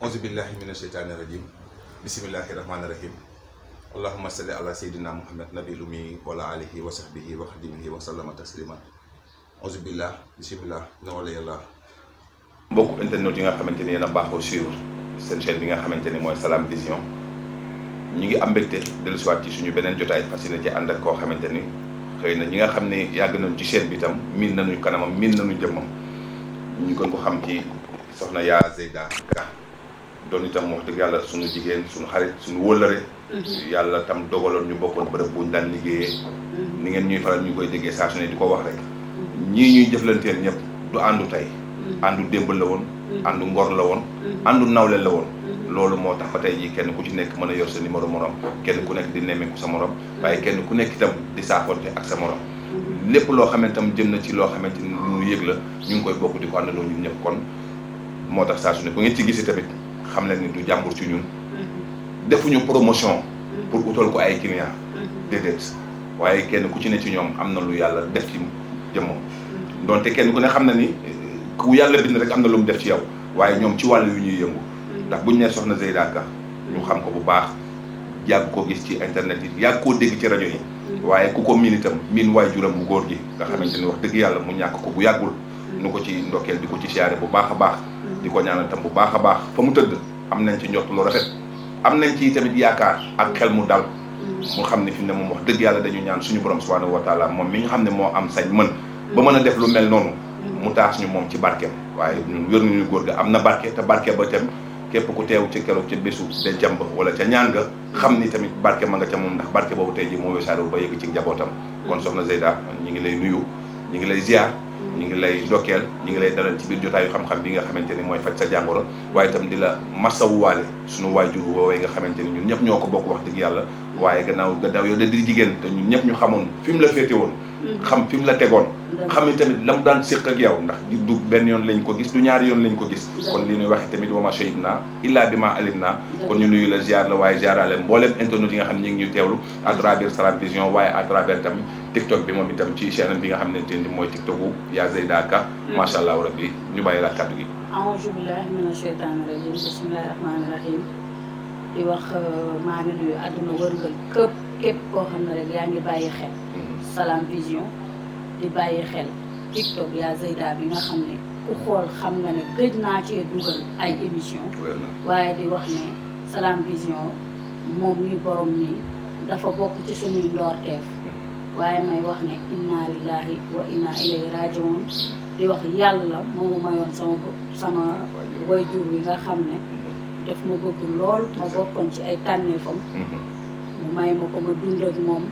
auzu billahi mina sheytaani rajim bismillahi rahmaani rahim allahuma salli ala seydina muhammad nabil umi wala alihi wa sahbihi wa xadimihi wa sallama taslima auzu billah bismillah na wala yàlla mbokk internet yi nga xamante ni yéen a baaxoo suivre seen bi nga xamante ni mooy Salam Vision ñu ngi am mbégte dellusiwaat ci suñu beneen jotaay fas yéene ci ànd koo xamante ni xëy na ñi nga xam ne yàgg nañu ci chaîne bi tam miin nañu kanamam miin nañu jëmmam ñu gën ko xam ci soxna yaa Zeyda Ka doon itam wax dëgg yàlla suñu jigéen suñu xarit suñu wëllëre mhm. yàlla tam dogaloon ñu bokkoon bërëb buñ daan liggéeyee mhm. ni ngeen ñuy faral ñu koy déggee saa su ne di ko wax rek mhm. ñii ñuy jëflanteel ñëpp du àndu tey àndu démb la woon Mm-hmm. àndu ngor la woon mm-hmm. àndu nawle la woon mm-hmm. loolu moo tax ba tey jii kenn ku ci nekk mën a yor sa numéro morom kenn ku nekk di nemmeeku sa morom waaye kenn ku nekk itam di saafonte ak sa lépp loo xamante tam jëm na ci loo xamante ni lu la ñu ngi koy bokk di ko àndandoo ñëpp kon moo tax saa ne bu ngeen ci gisee tamit xam na ni du jàmbur ci ñun defuñu promotion pour utal ko ay client déedéet waaye kenn ku ci ne ci ñoom am na lu yàlla def ci jëmmoom donte kenn ku ne xam na ni ku yàlla bind rek am na lu mu def ci yow waaye ñoom ci wàll yu ñuy yëngu ndax buñu nee soxna Zeyda Ka ñu xam ko bu baax yàgg koo gis ci internet yi yàgg koo dégg ci rajo yi waaye ku ko miin itam miin waay juram bu góor gi nga xamante ne wax dëgg yàlla mu ñàkk ko bu yàggul nu ko ci ndokkeel di ko ci siyaare bu baax a baax di ko ñaanal tam bu baax a baax fa mu tëdd am nañ ci njort lu rafet am nañ ci tamit yaakaar ak xel mu dal mu xam ne fi ne moom wax dëgg yàlla dañu ñaan suñu borom subhanahu wa taala moom mi nga xam ne moo am sañ mën ba mën a def lu mel noonu mu taas ñu moom ci barkeem waaye ñun wér nañu góor ga am na barke te barke ba tam képp ku teew ci keroog ca bésu dencam ba wala ca ñaan nga xam ni tamit barke a nga ca moom ndax barke boobu tey ji moo wesaare ba yëg ci njabootam kon soxna Zeyda ñi ngi lay nuyu ñu ngi lay ziar ñu ngi lay ndokkeel ñu ngi lay dalal ci biir jotaayu xam-xam bi nga xamante ni mooy faj sa jàngoro waaye tam di la masawuwaale suñu waajur woowee nga xamante ni ñun ñëpp ñoo ko bokk wax dëgg yàlla waaye gannaaw gannaaw yow da di jigéen te ñëpp ñu xamoon fi mu la féete woon xam fi mu la tegoon xam ni tamit la daan séq ak yow ndax du benn yoon lañ ko gis du ñaari yoon lañ ko gis kon li ñuy waxee tamit wama shahid naa illaa bi ma alim naa kon ñu nuyu la ziar la waaye ziarale mbooleem internet yi nga xam ne ñu ngi ñu teewlu à waaye à travers tamit TikTok bi moom itam ci chaîne bi nga xam ne tindi mooy TikTok bu yaa Zeyda Ka macha allah rabbi ñu bàyyi la kàddu gi aouzu euh, maa ngi nuyu àdduna wërngal képp képp koo xam ne salaam Vision di bàyyi xel TikTok yaa Zeyda bi nga xam ne ku xool xam nga ne gëj naa cee dugal ay émission waaye di wax ne Salam Vision moom mi borom mi dafa bokk ci suñuy ndoorteef waaye may wax ne inna wa inna ilayhi di wax yàlla moomu mayoon sama sama wayjur wi nga xam ne daf ma bëgg lool ma bokkoon ci ay tànneefam mm-hmm. mu may ma ko ma dund moom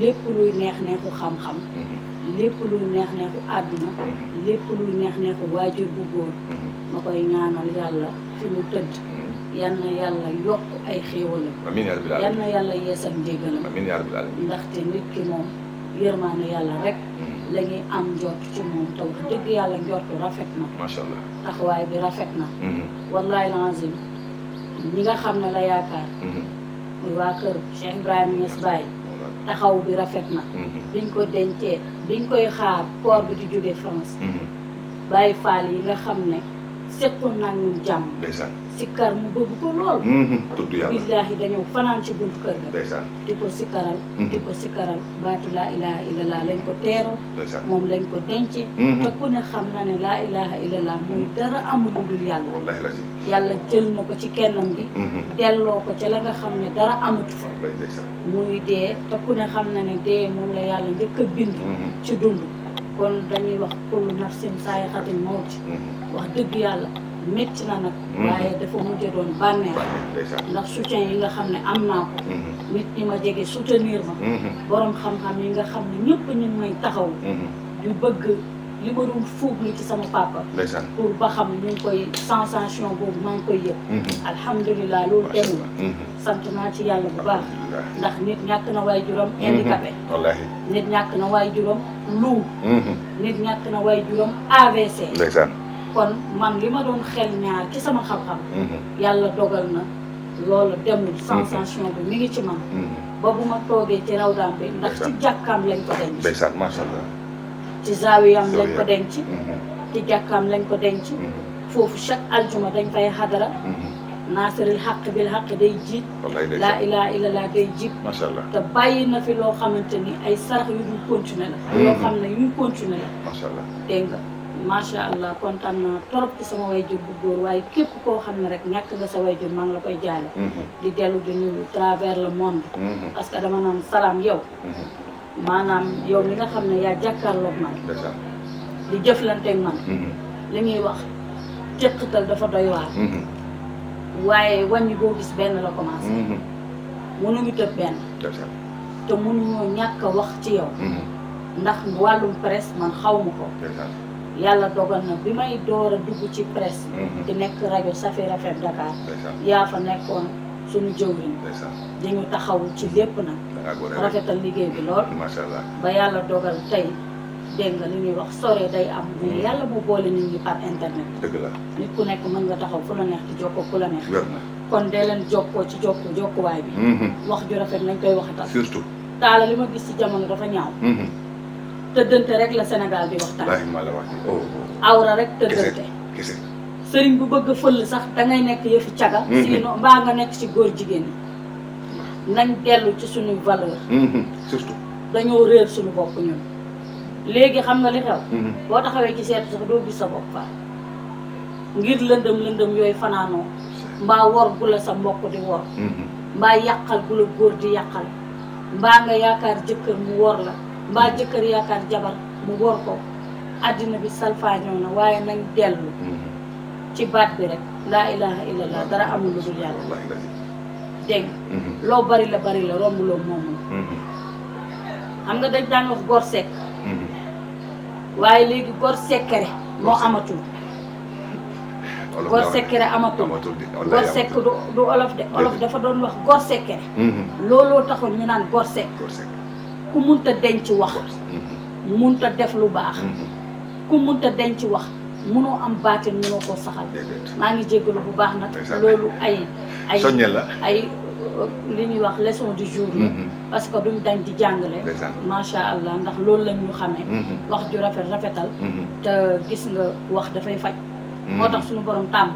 lépp luy neex-neexu xam-xam mhm. lépp luy neex-neexu àdduna mhm. lépp luy neex-neexu waajur bu góor mhm. ma koy ñaanal yàlla fi mu tëdd yal yàlla yokk ay xéewalam yal yàlla yeesal njéggalam ndaxte nit ki moom yërmaane yàlla rek la am njort ci moom te dëgg yàlla njortu rafet na macha allah taxawaay bi rafet na wallaay lazim ñi nga xam ne la yaakaar muy waa kër Cheikh Ibrahima Niass Baye taxaw bi rafet na mhm. biñ ko dencee biñ koy xaar koor bi di jóge France mhm. bàyyi faal yi nga xam ne séqu nañu jàmm sikkar mu bëgg ko lool. Mhm, tudd yàlla billaahi fanaan ci buntu kër ga. ndeysaan di ko sikkaral. Mhm. di ko sikkaral baatu laa ilaha illallah lañ ko teeroo. moom lañ ko dencee. Mhm. te ne xam na ne laa ilaha illallah muy dara amul lu dul yàlla. ko ci kennam gi. ko ca la nga xam ne dara amatu fa. muy dee te ne xam na ne dee moom la yàlla njëkk a bind. ci dund kon dañuy wax kullu nafsin saayixatil mawt wax dëgg yàlla. métti na nag. Mm-hmm. waaye dafa mujj doon bànneex. ndax soutien yi nga xam ne am naa ko. Mm-hmm. nit ñi ma jege soutenir ma. Mm-hmm. borom xam-xam yi nga xam ne ñëpp ñu may taxaw. yu bëgg li ma doon fuuglu ci sama papa. pour ba xam ñu ngi koy sensation boobu maa ngi koy yëg. alhamdulilah loolu dem sant naa ci yàlla bu baax. ndax nit ñàkk na waay juróom. handicapé. nit ñàkk na waay juróom luum. nit ñàkk na waay juróom AVC. kon man li ma doon xel ñaar ci sama xam-xam. Mhm. yàlla dogal na loolu demul. Mhm. sensation bi mi ngi ci man. Mhm. ba bu ma toogee ci rawdaan bi ndax ci jàkkaam lañ ko denc. ndeysaan macha allah. ci lañ ko denc. ci jàkkaam lañ ko denc. foofu chaque aljuma dañ fay xadara. naasiril xaq bil xaq day jiit. laa ilaa illallah day jiit. te bàyyi na fi loo xamante ni ay sarax yu ñu continué la. yoo xam ne yu ñu continué la. macha dégg nga. macha allah kontaan naa trop ci sama way jur bu góor waaye képp koo xam ne rek ñàkk nga sa way jur maa ngi la koy jaale mm-hmm. di dellu di nuyu travers le monde mm-hmm. parce que dama naan salaam yow mm-hmm. maanaam yow mi nga xam ne yaa jàkkaarloog man di jëflanteeg man li ñuy wax teqatal dafa doy waar waaye wàññi boo gis benn la commencé mënuñu tëb benn te mënuñoo ñàkk wax ci yow ndax wàllum presse man xaw ma ko yàlla dogal na bi may door a dugg ci presse. Mhm. di nekk rajo Safira rafet Dakar. yaa fa nekkoon suñu jëwriñ. di ñu taxawu ci lépp nag. rafetal liggéey bi lool. macha allah ba yàlla dogal tey dégg nga li ñuy wax sore day am. Mhm. mais yàlla bu boole nit ñi par internet. dëgg nit ku nekk mën nga taxaw fu la neex di jokkoo ku la neex. kon dee leen jokkoo ci jokku jokkuwaay bi. Mhm. wax ju rafet nañ koy waxatal. surtout taala li ma gis ci jamono dafa ñaaw. tëddante rek la Sénégal bi waxtaan. Oh, oh. awra rek tëddante. sëriñ bu bëgg a fël sax dangay nekk yëfi caga. Mm-hmm. sinon mbaa nga nekk ci góor jigéen ñi. nañ dellu ci suñuy valeur. Mm-hmm. surtout dañoo réer suñu bopp ñun. léegi xam nga li xew. Mm-hmm. boo taxawee ci seetu sax doo gis sa bopp fa ngir lëndëm lëndëm yooyu fanaanoo mbaa wor gu la sa mbokk di wor. mbaa yàqal gu la góor di yàqal. mbaa nga yaakaar jëkkër mu wor la. mbaa jëkkër yaakaar jabar mu wor ko àddina bi salfaañoo na waaye nañ dellu mm-hmm. ci baat bi rek laa ilaha illallah dara amul lu dul yàlla dégg mm-hmm. loo bari la bari la romb loo moomul mm-hmm. xam nga dañ daan wax gor sekk waaye léegi gor sekkere moo amatul gor sekkere amatul du olof de olof dafa doon wax gor sekkere looloo taxoon ñu naan gor sekk ku munta denc wax mm-hmm. munta def lu baax mm-hmm. ku munta denc wax munoo am baatin munoo koo saxal maa ngi jéggalu bu baax nag loolu ay ay soññe la ay li ñuy wax leçon du jour la mm-hmm. parce que duñ dañ di jàngale macha allah ndax loolu lañ ñu xamee wax ju rafet rafetal te gis nga wax dafay faj moo tax suñu boroom tàmm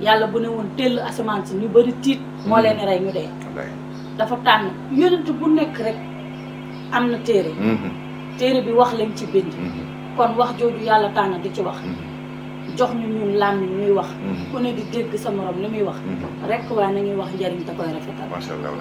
yàlla bu ne woon tell asamaan si ñu bëri tiit moo leen rey ñu dee dafa tànn yonent bu nekk rek am na téere mhm. téere bi wax lañ ci bind mhm. kon wax jooju yàlla tàng di ci wax mhm. jox ñu ñun làmmiñ ñuy wax ku ne di dégg sa morom li muy wax rek waaye na ñuy wax njariñ te koy rafetal macha allah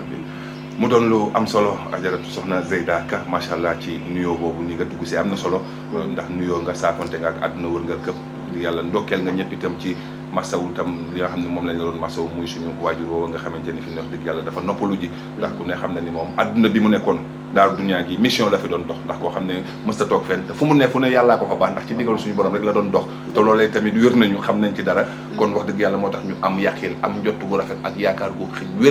mu doon lu am solo ajaratu soxna Zeyda Ka macha allah ci nuyoo boobu ni nga dugg si am na solo ndax nuyoo nga saakonte nga ak àdduna war nga këpp yàlla ndokkeel nga ñëpp itam ci masawu tam li nga xam ne moom lañ la doon masawu muy suñu waajur woowu nga xamante ni fi ñu wax dëgg yàlla dafa noppalu ji ndax ku ne xam na ni moom àdduna bi mu nekkoon daaru duniyaa gi mission la fi doon dox ndax koo xam ne mësta toog fenn fu mu ne fu ne yàllaa ko fa baax ndax ci ndigal suñu borom rek la doon dox te loolee tamit wér nañu xam nañ ci dara kon wax dëgg yàlla moo tax ñu am yàqin am njott gu rafet ak yaakaar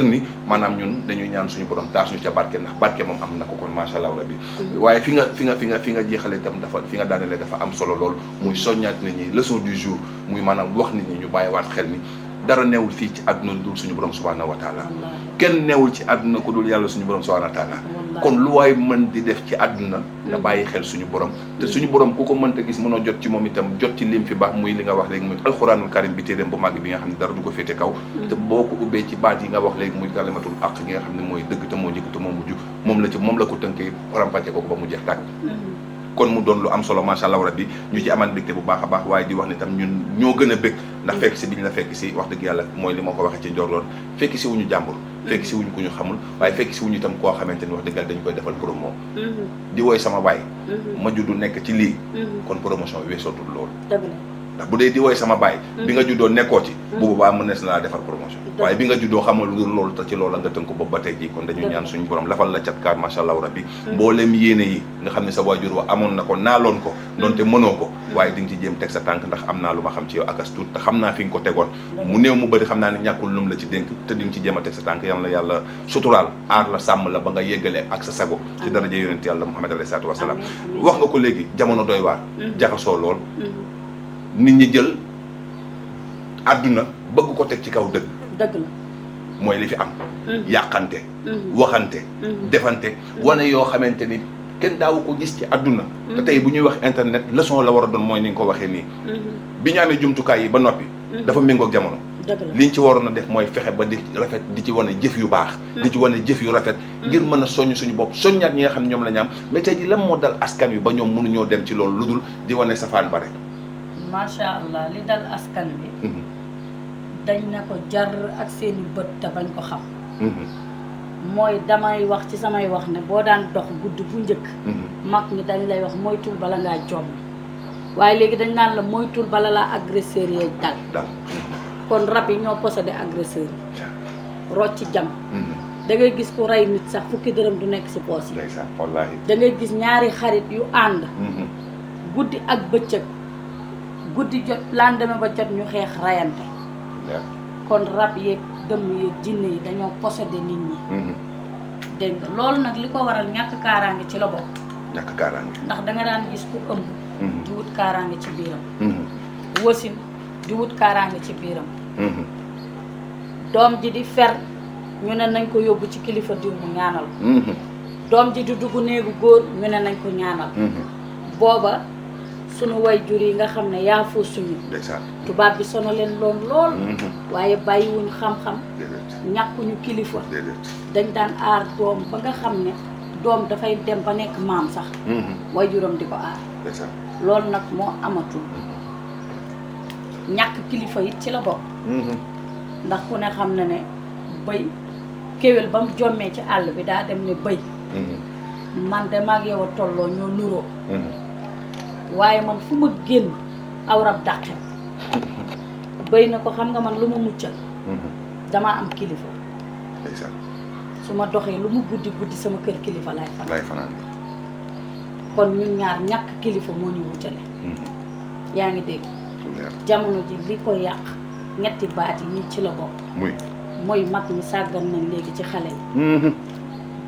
ni maanaam ñun dañuy ñaan suñu borom taas ñu ca barke ndax barke moom am na ko kon macha allah rabbi waaye fi nga fi nga fi nga fi nga jeexale itam dafa am solo lool muy soññaat nit ñi leçon du jour muy maanaam wax nit ñi ñu bàyyiwaat xel ni dara newul fii ci àdduna dul suñu borom subhanahu wa taala kenn newul ci àdduna ko dul yàlla suñu borom subhanahu kon lu waay mën di def ci àdduna nga bàyyi xel suñu borom te suñu borom ku ko mënta gis mënoo jot ci moom itam jot ci lim fi baax muy li nga wax léegi muy alxuraanul karim bi téeréem bu bi nga xam ne dara du ko féete kaw te boo ko ubbee ci baat yi nga wax léegi muy kalimatul àq gi nga xam ne mooy dëgg te moo njëkk te moo mujj moom la ci moom la ko tënkee rampacce ko ba mu jeex tàkk kon mu doon lu am solo macha allah bi ñu ci amaan mbégte bu baax a baax waaye di wax ne tam ñun ñoo gën a bég ndax fekk si bi ñu la fekk si wax dëgg yàlla mooy li ma ko waxee ci njorloon fekk si wuñu jàmbur fekk si wuñ ku ñu xamul waaye fekk si wuñ itam koo xamante ni wax dëggal dañ koy defal promo mm-hmm. di woy sama baay ma mm-hmm. juddu nekk ci lii mm-hmm. kon promotion weesootul lool ndax bu dee di woy sama baay bi nga mm-hmm. juddoo nekkoo ci bu mm-hmm. boobaa mënees na laa defar waaye bi nga juddoo xamal ngir loolu te ci loolu la nga tënk boobu ba tey jii ko dañu ñaan suñ borom lafal la catkaar macha allah rabbi mm-hmm. mboolem yéene ne sa waajur wa amoon na ko naaloon ko donte mënoo ko waaye di nga ci jéem teg sa tànk ndax am naa lu ma xam ci yow akas xam naa fi nga ko tegoon mu mu bëri xam naa ne ñàkkul lum la ci dénk te di nga ci jéem a teg sa tànk yàlla yàlla suturaal aar la sàmm la ba nga yéggale ak sa sago ci daraja yonent yàlla muhammad alayhi salaatu wasalaam wax nga ko léegi jamono doy waar jaxasoo lool nit ñi jël àdduna bëgg ko teg ci kaw dëgg. dëgg mooy li fi am. Mm. yàqante. Mm. waxante. Mm. defante wane yoo xamante ni kenn daawu ko gis ci àdduna. te tey bu ñuy wax internet leçon la war a doon mooy ni nga ko waxee nii. Mm-hmm. bi ñu amee jumtukaay yi ba noppi. dafa méngoog jamono. liñ ci waroon a def mooy fexe ba di rafet di ci wane jëf yu baax. di ci wane jëf yu rafet. ngir mën a soññ suñu bopp soññaat ñi nga xam ñoom la ñu am mais tey ji lan moo dal askan wi ba ñoom mënuñoo dem ci loolu ludul di wane safaan bare macha allah li dal askan bi mhm. dañ na ko jar ak seeni bët te bañ ko xam mhm. mooy damay wax ci samay wax ne boo daan dox guddi bu njëkk mhm. mag ñi dañ lay wax moytul bala ngaa jomm waaye léegi dañ naan la moytul bala laa agresseur yee dal kon rab yi ñoo possédé agresseur yi rocc jam da gis ku rey nit sax fukki dërëm du nekk si poos yi da ngay gis ñaari xarit yu ànd guddi ak bëccëg guddi jot lendemain ba jot ñu xeex rayante kon rab yeeg dëmm yeeg jinne yi dañoo possédé nit ñi mm-hmm. dégg loolu nag li ko waral ñàkk kaaraange ci la bokk ndax da daan gis ku ëmb mm-hmm. di wut kaaraange ci biiram mm-hmm. wasin di wut kaaraange ci biiram doom ji di fer ñu ne nañ ko yóbbu ci kilifa diw mu ñaanal doom ji di dugg néegu góor ñu ne nañ ko ñaanal booba way jur yi nga xam ne yaa foo suñu tubaab bi sono leen loon lool mhm. waaye bàyyiwuñu xam-xam ñàkkuñu kilifa dañ daan aar doom ba nga xam ne doom dafay dem ba nekk maam sax mhm. wayjuram di ko aar loolu nag moo amatul mhm. ñàkk kilifa it ci la bokk ndax ku ne xam na ne bëy kéwél ba mu jommee ci àll bi daa dem ne bëy man de maag yow a tolloo ñoo nuroo waaye man fu ma génn aw rab dàqe béy na ko xam nga man lu ma muccal mhm. damaa am kilifa su ma doxee lu mu guddi guddi sama kër kilifa laay fanaan kon ñun ñaar ñàkk kilifa moo ñu wuccale mhm. yaa ngi dégg jamono ji li ko yàq ñetti baat yi ñi ci la bokk mooy mag ñi sàggan nañ léegi ci xale yi mhm.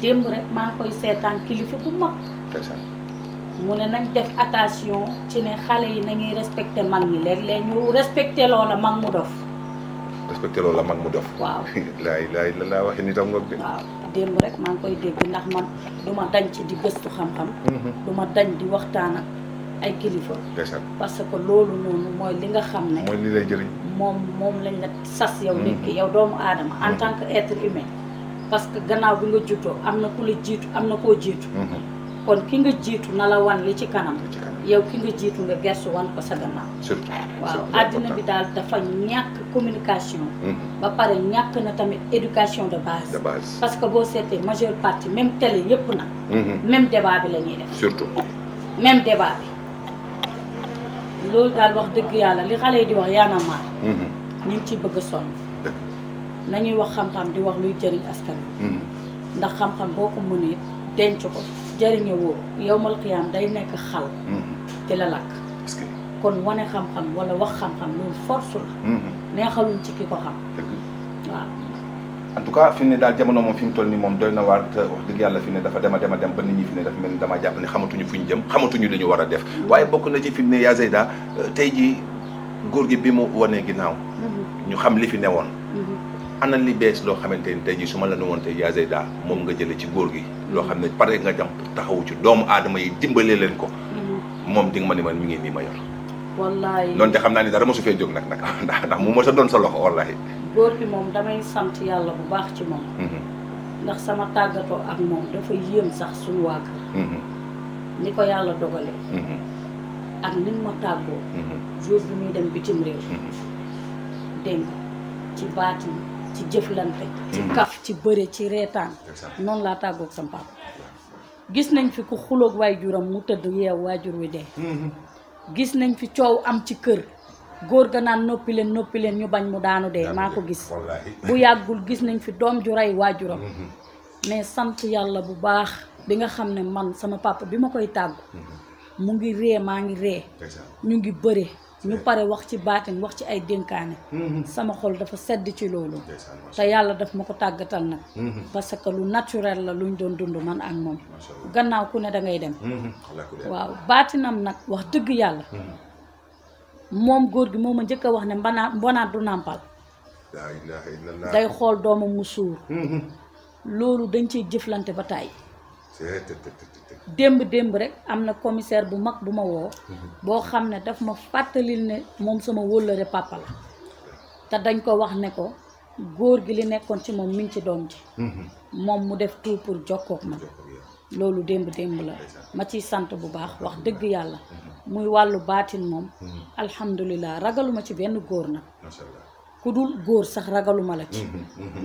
démb rek maa koy seetaan kilifa bu mag mu ne nañ def attention ci ne xale yi nañuy respecté mag ñi léeg-léeg ñu respecté loola mag mu dof respecté loola mag mu dof waaw laay laay la laa waxe nitam ngoog de waaw démb rek maa ngi koy dégg ndax man du ma dañ ci di gëstu xam-xam mm-hmm. du ma dañ di waxtaan ak ay kilifa parce que loolu noonu mooy li nga xam ne mooy li lay jëriñ moom moom lañ la sas yow mm-hmm. nekk yow doomu aadama en mm-hmm. tant que être humain parce que gannaaw bi nga juddoo am na ku la jiitu am na koo jiitu kon ki nga jiitu na la wan li ci kanam yow ki nga jiitu nga gersu wan ko sa gannaaw waaw àddina bi daal dafa ñàkk communication mm-hmm. ba pare ñàkk na tamit éducation de base parce que boo seetee majeure partie même télé yëpp nag mm-hmm. même débat bi la ñuy def surtout même débat bi loolu daal wax dëgg yàlla li xale yi di wax yaana maar mm-hmm. ñu ngi ciy bëgg a sonn nañuy wax xam-xam di wax luy jëriñ askan ndax xam-xam boo ko mënee denc ko jëriñoo yowmal qiyaam day nekk xal mm-hmm. di la lakk kon wane xam-xam wala wax xam-xam loolu force la mm-hmm. neexaluñ ci ki ko xam waaw en tout cas fi ne daal jamono moom fi mu toll nii moom doy na waar te euh, wax yàlla fi ne dafa dema a dem a dem ba nit ñi fi ne dafa mel ni damaa jàpp ne xamatuñu fu ñu jëm xamatuñu li ñu war a def mm-hmm. waaye bokk na ci fi mu ne yaa Zeyda euh, tey jii góor gi bi mu wanee ginnaaw ñu xam li fi newoon na li bees loo xamante ni tey jii su ma la ne woon tey yaa moom nga jëlee ci góor gi mm-hmm. loo xam ne pare nga jam taxawu ci doomu aadama yi dimbale leen ko mm-hmm. moom di nga ma ne man mi ngi nii ma yor wallaay donte xam naa ni dara mosu fee jóg nag nag ndax ndax mu ma sa doon sa loxo wallaay góor gi moom damay sant yàlla bu baax ci moom mm-hmm. ndax sama tàggatoo ak moom dafa yéem sax suñu waa ni ko yàlla dogalee ak ni ma tàggoo jour bi muy dem bitim réew dégg ci baat yi ci jëflante. ci mm-hmm. kaf ci bëre ci reetaan. noonu laa tàggoog sama papa. gis nañ fi ku xuloog waajuram mu tëdd yeew waajur wi dee. Mm-hmm. gis nañ fi coow am ci kër. góor ga naan noppi leen noppi leen ñu bañ mu daanu de maa ko gis bu yàggul gis nañ fi doom ju rey waajuram mm-hmm. mais sant yàlla bu baax bi nga xam ne man sama pàpp bi ma koy tàggu mu ngi ree maa ngi ree ñu ngi bëre ñu pare wax ci baatin wax ci ay dénkaane mm-hmm. sama xol dafa sedd ci loolu te yàlla daf ma ko tàggatal nag mm-hmm. parce que lu naturel la luñ doon dund man ak moom gannaaw ku ne da ngay dem mm-hmm. waaw baatinam nag wax dëgg yàlla moom góor gi moo ma njëkk a wax ne mbanaat mbonaat du nàmpal day xool doomam mu suur loolu dañ ciy jëflante ba tàyyi démb démb rek am na commissaire bu mag bu ma woo mhm. boo xam ne daf ma fàttalil ne moom sama wóllëre papa te dañ ko wax ne ko góor gi li nekkoon ci moom mi ci doom ji mhm. moom mu def tout pour jokkoog ma loolu démb démb la ma ciy sant bu baax wax dëgg yàlla mhm. muy wàllu baatin moom alhamdulilah ragaluma ci benn góor nag ku dul góor sax ragaluma la ci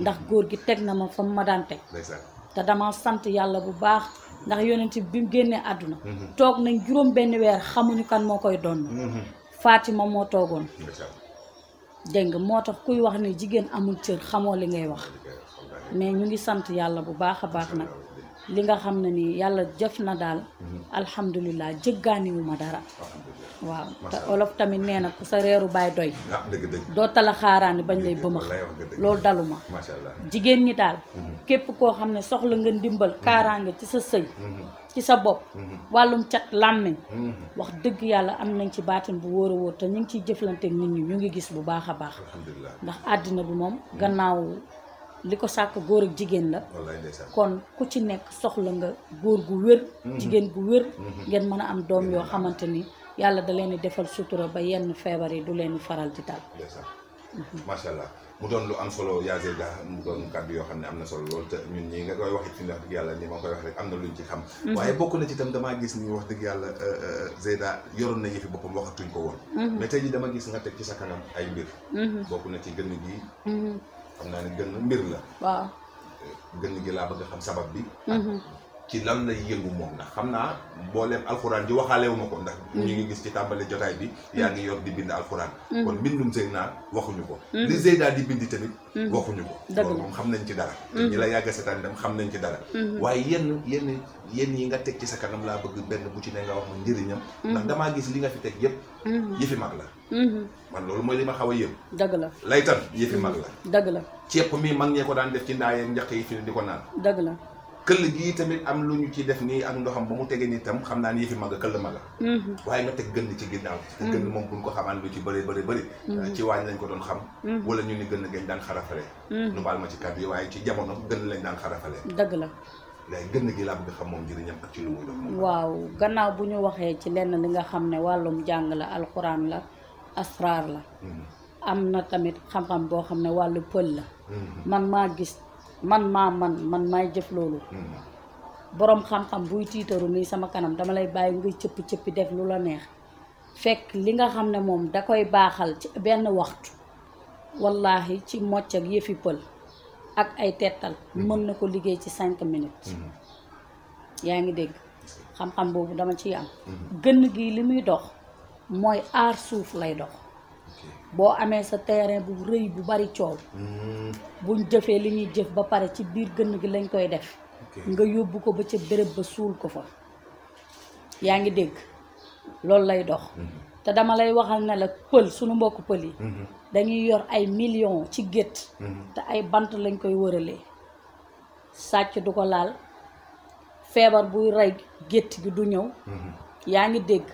ndax góor gi teg na ma fa ma daan teg te dama sant yàlla bu baax ndax yonent bi mu génnee àdduna mhm. toog nañ juróom benn weer xamuñu kan moo koy doon mhm. Fatima moo toogoon dégg moo tax kuy wax ni jigéen amul cër xamoo li ngay wax mais ñu ngi sant yàlla bu baax a baax nag li nga xam ne nii yàlla jëf na daal mhm. alhamdulilah jëggaaniwu ma dara waaw te olof tamit nee na ku sa reeru baay doy ah, doo tala bañ lay bëmax loolu daluma jigéen ñi daal mhm. képp koo xam ne soxla nga ndimbal mhm. kaaraanga ci sa sëy mhm. ci sa bopp wàllum cat làmmiñ wax dëgg yàlla am nañ ci baatin bu wóor a wóor te ñu ngi ciy jëflanteek nit ñi ñu ngi gis bu baax a baax ndax àddina bi moom gannaaw li ko sàkk góor ak jigéen la kon ku ci nekk soxla nga góor gu wér jigéen gu wér ngeen mën a am doom yoo xamante ni yàlla da leen di defal sutura ba yenn feebar yi du leen faral di dal. macha allah mu doon lu am solo yaase ga mu doon kàddu yoo xam ne am na solo loolu te ñi nga koy wax fi wax dëgg yàlla ñi ma koy wax rek am na luñ ci xam. Mhm. waaye bokk na ci tam damaa gis ni wax dëgg yàlla euh, euh, Zeyda yoroon na yëfi boppam waxatuñ ko woon. Mhm. mais tey jii dama gis nga teg ci sa kanam ay mbir. Mhm. bokku na ci gën gi. xam naa ne gën mbir la. waaw gën gi laa bëgg xam sabab bi. ci lan lay yëngu moom ndax xam naa mbooleem alxuraan ji waxaalewuma ko ndax ñu ngi gis ci tàmbali jotaay bi mm. yaa ngi yor di bind alxuraan mm. kon mbindum sëy naa waxuñu ko mm. li sëy daal di bind tamit waxuñu ko loolu moom xam nañ ci dara ñi la yàgg seetaan itam xam nañ ci dara mm-hmm. waaye yenn yenn yenn yi nga teg ci sa kanam laa bëgg benn bu ci ne nga wax ma njëriñam mm-hmm. ndax damaa gis li nga fi teg yëpp mm-hmm. yëfi mag la loolu mooy li ma xaw a yëm dëgg la yëfi mag la dëgg la ceeb mi mag ñee ko daan def ci ndaayee njaq yi fi di ko naan dëgg la këll gi tamit am lu ñu ci def nii ak ndoxam ba mu tege nii tam xam naa ni yëfi mag a këll mag a mhm. waaye nga teg gën ci ginnaaw te gën mhm. moom buñ ko xamaan lu ci bëri bëri bëri mhm. ci waañ lañ ko doon xam wala ñu ni gën gañ daan xarafale nu baal ma ci kàddu yi waaye ci jamono gën lañ daan xarafale dëgg la léegi gën gi laa bëgg xam moom njëriñam ak ci lu muy dox waaw gannaaw bu ñu waxee ci lenn li nga xam ne wàllum jàng la alxuraan la asraar la am na tamit xam boo xam ne wàllu pël la man maa man man maay jëf loolu hmm. boroom xam-xam buy tiitaru nii sama kanam dama lay bàyyi ngay cëpp cëppi def lu la neex fekk li nga xam ne moom da koy baaxal ci benn waxtu wallaahi ci mocc ak yëfi pël ak ay tettal hmm. mën na ko liggéey ci cinq minutes hmm. yaa ngi dégg xam-xam boobu dama ciy am gën gi li muy dox mooy aar suuf lay dox boo amee sa terrain bu rëy bu bari coow. Hmm. buñ jëfee li ñuy jëf ba pare ci biir gënn gi lañ koy def. nga yóbbu ko ba ca béréb ba suul ko fa. yaa ngi dégg loolu lay dox. Hmm. te dama lay waxal ne la pël suñu mbokk pël yi. Hmm. dañuy yor ay millions ci gétt te ay bant lañ koy wërale sàcc du ko laal feebar buy rey gétt gi du ñëw. yaa ngi dégg.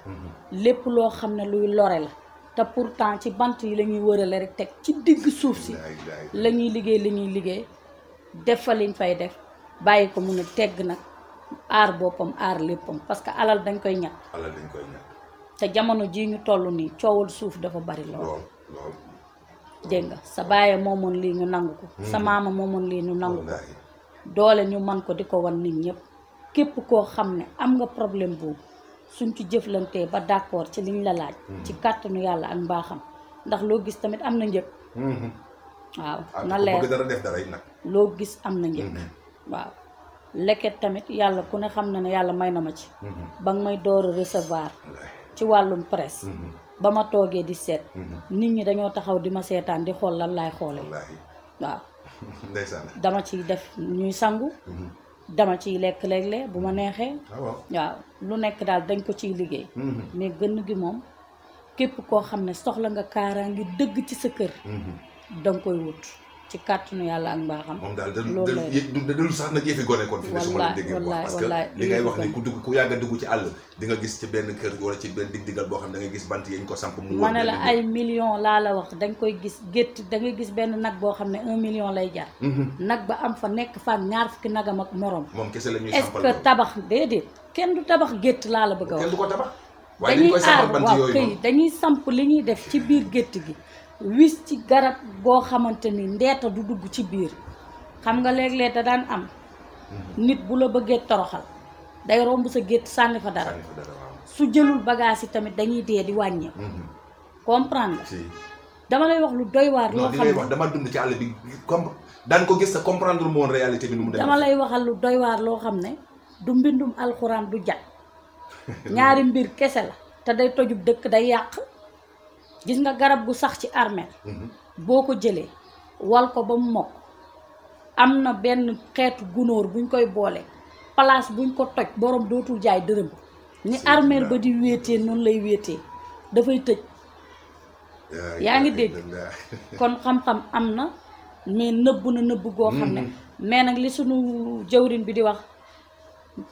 lépp loo xam ne luy lore la. te pourtant ci bant yi lañuy ñuy wërale rek teg ci digg suuf si lañuy liggéey la ñuy liggéey def fa liñ fay def bàyyi ko mun a tegg nag aar boppam aar léppam parce que alal dañ koy ñàkk alal te jamono ji ñu toll nii coowal suuf dafa bari lool dégg nga sa bàyyi moomoon lii ñu nangu ko sa hmm. maama moomoon lii ñu nangu ko doole ñu man ko di ko wan nit ñëpp képp koo xam ne am nga problème boobu suñ ci jëflantee ba d'accord ci liñ la laaj hmm. ci kàttanu yàlla ak mbaaxam ndax loo gis tamit am na njëg hmm. waaw ah, na leer loo gis am na njëg hmm. waaw leket tamit yàlla ku ne xam na ne yàlla may na ma ci ba nga may door a ci wàllum presse ba ma toogee di seet nit ñi dañoo taxaw di ma seetaan di xool lan laay xoolee waaw dama ci def ñuy sangu dama ciy lekk léeg-léeg bu ma neexee. Ah, waaw lu nekk daal dañ ko ciy liggéey. Mm-hmm. mais gën gi moom képp koo xam ne soxla nga kaaraange dëgg ci sa kër. Mm-hmm. da koy wut. ci kàttanu yàlla ak mbaaxam. moom daal da dul sax na jëfi gone kon fi su ma la déggee parce que li ngay wax ni ku dugg ku yàgg a dugg ci àll di nga gis ci benn kër wala ci benn da ngay gis bant yañ ko laa la wax dañ koy gis gétt da ngay gis benn nag boo xam ne un million lay jar mhm. nag ba am fa nekk fa ñaar fukki nagam ak morom moom kese la ñuy sampal est-ce que tabax kenn du tabax gétt laa la bëgg a wax kenn du ko tabax waaye dañuy aar waaw këy dañuy samp li ñuy def ci biir gétt gi wis ci garab goo xamante ni ndeeta du dugg ci biir xam nga léeg-léeg da daan am mhm. nit bu la bëggee toroxal day romb sa gétt sànni fa dara su jëlul bagage yi tamit dañuy dee di wàññeeku mhm. comprendre dama lay wax lu doy waar dama dund ci àll bi ko gis sa comprendre moon réalité bi nu mu dama lay waxal lu loo xam ne du mbindum alxuraan du jat ñaari mbir kese la te day tojub dëkk day yàq gis nga garab gu sax ci armeel mhm. boo ko jëlee wal ko ba mu mokk am na benn xeetu gunóor buñ koy boole place buñ ko toj borom dootul jaay dërëm ni armeel ba di wéetee noonu lay wéetee dafay tëj yaa ngi dégg kon xam-xam am na mais nëbb na nëbb goo xam ne mhm. mais nag li suñu jawrin bi di wax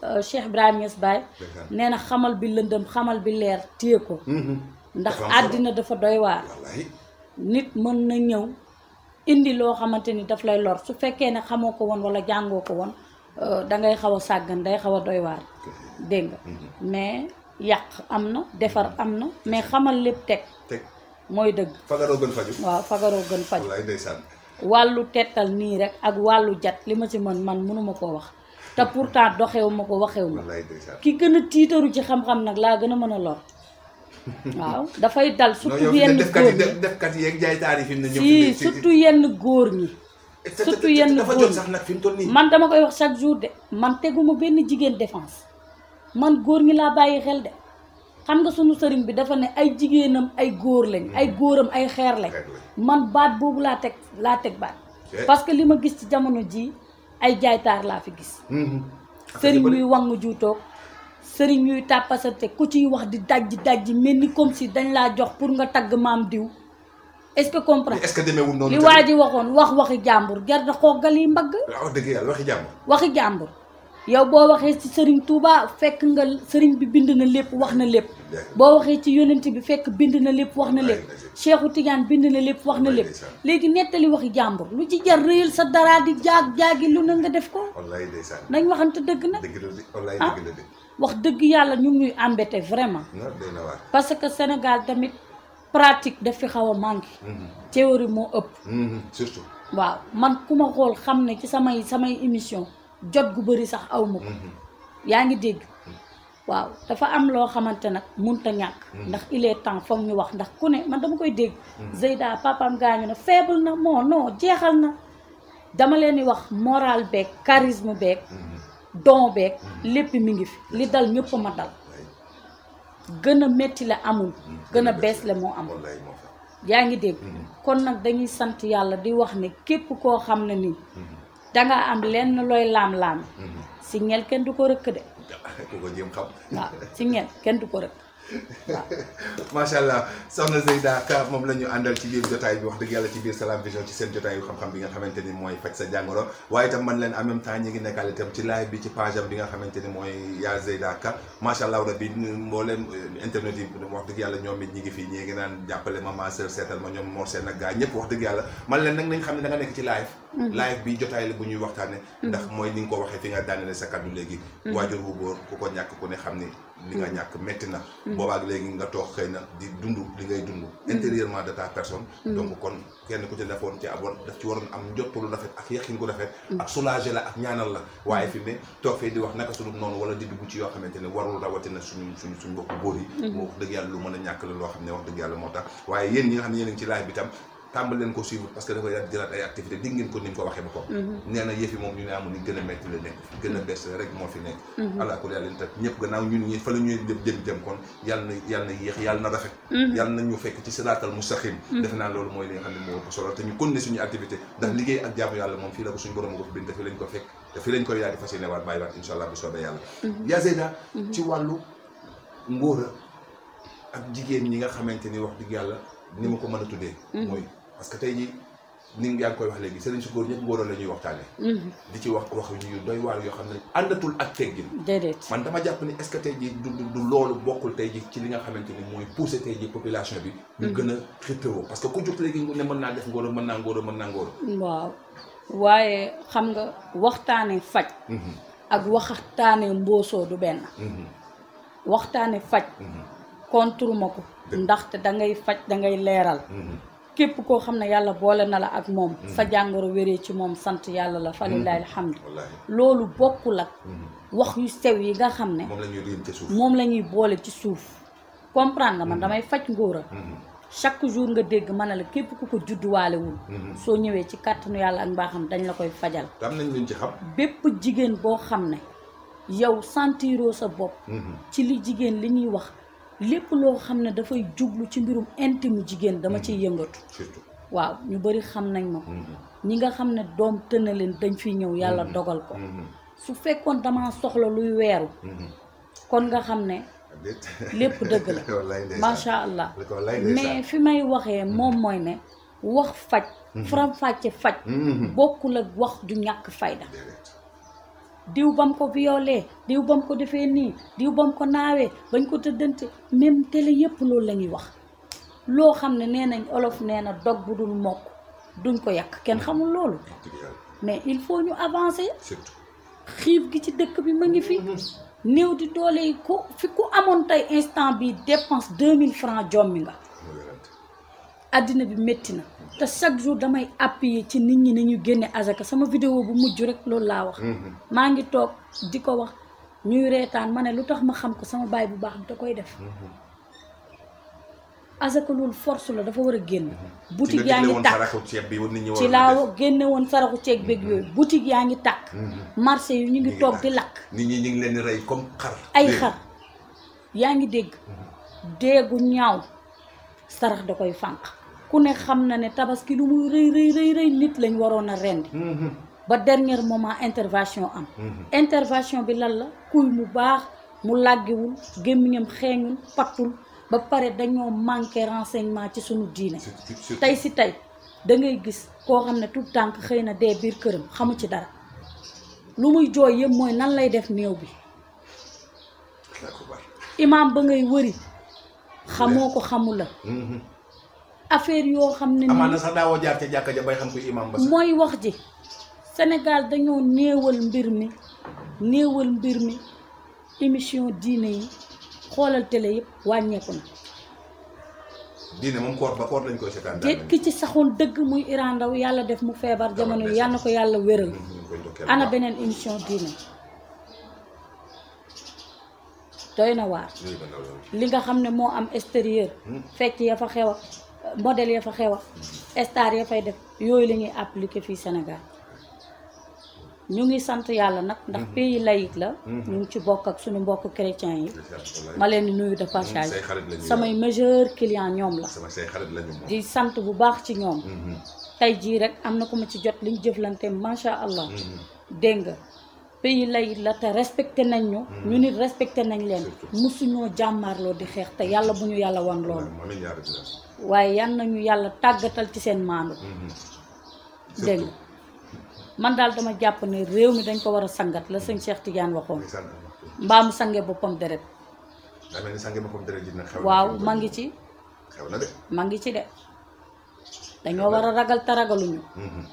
euh, Cheikh Ibrahima Niass Baye nee na xamal bi lëndëm xamal bi leer téye ko mhm. ndax àddina dafa doy waar nit mën na ñëw indi loo xamante ni daf lay lor su fekkee ne xamoo ko woon wala jàngoo ko woon euh, dangay xaw a sàggan day xaw a doy waar dégg mhm. mais yàq am na defar mhm. am na mais xamal lépp teg mooy dëgg fagaroo gën faju waaw fagaroo gën faju wallaay nii rek ak wàllu jat li ma ci mën man mënuma koo wax te pourtant doxewu ma ko waxewu ma ki gën a tiitaru ci xam-xam nag laa gën a mën a lor waaw dafay dal surtout yenn góor ñi defkat yi ak jaay taarif yi surtout yenn góor ñi surtout yenn góor nii man dama koy wax chaque jour de man teguma benn jigéen défense man góor ñi laa bàyyi xel de xam nga suñu sëriñ bi dafa ne ay jigéenam ay góor lañ ay mm-hmm. góoram ay xeer lañ man baat boobu laa teg laa teg baat parce que li ma gis ci jamono ji ay jaaytaar laa fi gis mm-hmm. sëriñ yuy wangu juutoog sëriñ yuy tàppasante ku ci wax di dajji dajji mel ni comme si dañ laa jox pour nga tagg maam diw est-ce que comprendre est-ce que demeewul noonu li waa ji waxoon wax waxi jàmbur jar na xoogal yi mbagg waaw dëgg yàlla waxi jàmbur waxi jàmbur yow boo waxee ci sëriñ Touba fekk nga sëriñ bi bind na lépp wax na lépp boo waxee ci yonent bi fekk bind na lépp wax na lépp Cheikhou tigaan bind na lépp wax na lépp léegi nettali waxi jàmbur lu ci jar réyal sa dara di jaag jaagi lu na nga def ko nañ waxante dëgg nag wax dëgg yàlla ñu ngi ñuy embêté vraiment. parce que Sénégal tamit pratique daf fi xaw a manqué. Mhm. théorie moo ëpp. Mhm, waaw man ku ma xool xam ne ci samay samay émission jot gu bëri sax aw ko. Mhm. yaa ngi dégg. waaw dafa am loo xamante nag mënut a ñàkk. ndax il est temps foog ñu wax ndax ku ne man dama koy dégg. Zeyda papaam gaañu na faible na moo non jeexal na dama leen di wax moral beeg charisme beeg. don beek lépp mi ngi fi li dal ñëpp ma dal gën a métti la amul gën a bees la moo amul yaa ngi dégg mm-hmm. kon nag dañuy sant yàlla di wax ne képp koo xam ne nii mm-hmm. danga am lenn looy laam-laam mm-hmm. si ñel kenn du ko rëkk de waaw si ñel kenn du ko rëkk macha allah soxna Zeyda Ka moom la ñu àndal ci biir jotaay bi wax dëgg yàlla ci biir Salam Vision ci seen jotaayu xam-xam bi nga xamante ni mooy faj sa jàngoro waaye itam man leen en même temps ñi ngi nekkaale itam ci live bi ci page am bi nga xamante ni mooy yaa Zeyda Ka macha allah euh, dëgg yàlla ñoom ñi ngi fii ñi ngi naan jàppale ma ma sœur seetal ma ñoom Mor Sène ak gaa ñëpp wax dëgg yàlla man leen nag nañ xam ne da nga nekk ci live mhm. live bi jotaay bu ñuy waxtaane mhm. ndax mooy ni nga ko waxee fi nga daanele sa kaddu léegi mhm. waajur ko ñàkk ku ne xam ni li nga mm. ñàkk métti na mm. boobaak léegi nga toog xëy na di dund li ngay dund mm. intérieurement de ta personne donc kon kenn ku ci defoon ci aboon daf ci waroon am njottu lu rafet ak yaqin ku rafet ak soulager la ak ñaanal la waaye fi mu ne toog fee di wax naka sunu noonu wala di dugg ci yoo xamante ne warul rawatina suñu suñu suñu mbokk góor yi moo mm-hmm. wax dëgg yàlla lu mën a ñàkk la loo xam ne wax dëgg yàlla moo tax waaye yéen ñi nga xam ne yéen a ngi ci laaj bi tam tàmbali leen ko suivre parce que dafay jëlaat ay activité dégg ngeen ko ni mu ko waxee ba ko mhm. nee na moom ñu ne amul ni gën a métti la nekk mhm. gën a bees rek moo fi nekk mhm. ala yàlla leen tat ñëpp gannaaw ñun ñu fekk ci siraatal mustaqim defe naa loolu mooy li nga xam ne moo ko solo te ñu continuer suñu activité ndax liggéey ak jaamu yàlla moom fii la ko suñu borom ko fi te fi lañ ko fekk te fi lañ koy yaa di fas waat bàyyi waat insha allah bu yàlla yaa ci wàllu ngóora ak jigéen ñi nga xamante ni wax dëgg yàlla ni ma ko mën a tuddee mooy parce que tey jii ni yaa ngi koy wax léegi sëriñ su góor ñëpp góoroo la ñuy waxtaanee. Mhm. di ci wax wax yu doy waar yoo xam ne àndatul ak teggin. déedéet man dama jàpp ni est que tey jii du du loolu bokkul tey jii ci li nga xamante ni mooy pousser tey jii population bi. ñu mhm. gën a xirtewoo parce que ku jóg léegi ne mën naa def ngóoro mën naa ngóoro mën naa ngóoro. waaw waaye xam nga waxtaanee faj. Mhm. ak waxtaanee mboosoo du benn. waxtaanee faj. contre ma ko. ndaxte da ngay faj da ngay leeral. képp koo xam ne yàlla boole na la ak moom mm. sa jàngoro wéree ci moom sant yàlla la falilahi mm. alhamdu loolu bokkul ak mm. wax yu sew yi nga xam ne moom lañuy ñuy boole ci suuf comprendre nga damay faj ngóora mm-hmm. chaque jour nga dégg ma ne la képp ku ko judduwaalewul mm-hmm. soo ñëwee ci kàttanu yàlla ak mbaaxam dañ la koy fajal am nañ bépp jigéen boo xam ne yow sentiroo sa bopp mm-hmm. ci li jigéen li ñuy wax lépp loo xam ne dafay jublu ci mbirum intime jigéen dama ciy mm-hmm. yëngatu waaw ñu bëri xam nañ ma mm-hmm. ñi nga xam ne doom tëna leen dañ fi ñëw yàlla mm-hmm. dogal ko su fekkoon dama soxla luy weeru kon nga xam ne lépp dëgg la macha allah mais fi may waxee moom mooy ne wax faj faram fàcce faj bokkul ak wax du ñàkk fayda diw bam ko violé diw bam ko defee nii diw bam ko naawee bañ ko tëddante même télé yépp loolu la ñuy wax loo xam ne nee nañ olof nee na dog bu dul mokk duñ ko yàq kenn xamul loolu mais il faut ñu avancer xiif gi ci dëkk bi ma ngi fi mm-hmm. néew di doole yi ku fi ku amoon tey instant bi dépense 2000 francs jommi nga àddina bi métti na te chaque jour damay appuyer ci nit ñi ne ñu génne azaka sama vidéo bu mujj rek loolu laa wax mhm. maa ngi toog di ko wax ñuy reetaan ma ne lu tax ma xam ko sama baay bu baax bi da koy def mhm. azaka loolu force la dafa war a génn mhm. boutique yaa ngi tàkk ci laa génne woon saraxu ceeb beeg yooyu yaa ngi tàkk marché yi ñu ngi toog di lakk nit ñi ñu ngi leen di rey comme xar ay xar yaa ngi dégg déegu ñaaw sarax da koy fànq ku ne xam na ne tabaski lu muy rëy rëy rëy rëy nit lañ waroon a rendi mm-hmm. ba dernier moment intervention am mm-hmm. intervention bi lan la kuy mu baax mu làggiwul gémmiñam xeeñul pattul ba pare dañoo manqué renseignement ci suñu diine tey si tey da ngay gis koo xam ne tout tànk xëy na dee biir këram xamu ci dara lu muy jooy yëpp mooy nan lay def néew bi imaam ba ngay wëri xamoo ko xamu la mm-hmm. affaire yoo xam ne. amaana sax daawoo jaar ca mooy wax ji Sénégal dañoo néewal mbir mi néewal mbir mi émission diine yi xoolal télé yëpp wàññeeku na. diine ki ci saxoon dëgg muy Iran Ndao yàlla def mu feebar jamono yi ko yàlla wéral ana beneen émission diine doy na waar li nga xam ne moo am extérieur hmm? fekk ya fa xew modèle ya fa xew a star ya fay def yooyu la ñuy appliquer fii Sénégal ñu ngi sant yàlla nag ndax mhm. pays laïque la mhm. ñu ngi ci bokk ak suñu mbokk chrétien yi ma leen di nuyu de passage samay majeur client ñoom la di sant bu baax ci ñoom mhm. tey jii rek am na ku ma ci jot liñ jëflante macha allah dégg nga pays lay la te respecté nañ ñu. Mm. ñu nit respecté nañ leen. musuñoo jàmmaarloo di xeex te yàlla bu ñu yàlla wan loolu. waaye yan nañu yàlla tàggatal ci seen maandu. Mm-hmm. dégg man daal dama jàpp ne réew mi dañ ko war a sangat la sëñ Cheikh tijaan waxoon. mbaa mu sange boppam deret. boppam deret ji waaw ma ngi ci. xew ngi ci de. dañoo war a ragal te ragaluñu. Mm-hmm.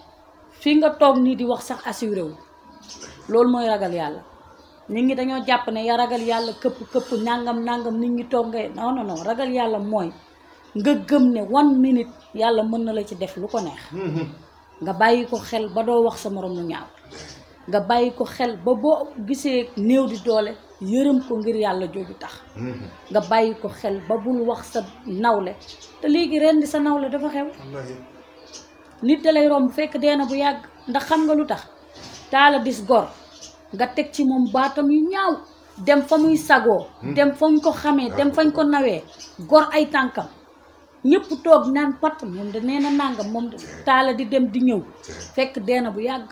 fii nga toog nii di wax sax assuré wu. loolu mooy ragal yàlla nit ñi dañoo jàpp ne ya ragal yàlla këpp këpp nangam nangam nit ñi toog ngay non ragal yàlla mooy nga gëm ne one minute yàlla mën na la ci def lu ko neex mm-hmm. nga bàyyi ko xel ba doo wax sa moroom lu ñaaw nga bàyyi ko xel ba boo gisee néew di doole yërëm ko ngir yàlla jooju tax mm-hmm. bàyyi ko xel ba bul wax sa nawle te léegi ren sa nawle dafa xew nit da lay romb fekk dee na bu yàgg ndax xam nga lu tax taala dis gor nga teg ci moom baatam yu ñaaw dem fa muy sagoo hmm. dem fañ ko xamee dem fañ ko nawee gor ay tànkam ñépp toog naan pat moom de nee na nàngam moom taala di dem di ñëw fekk deena bu yàgg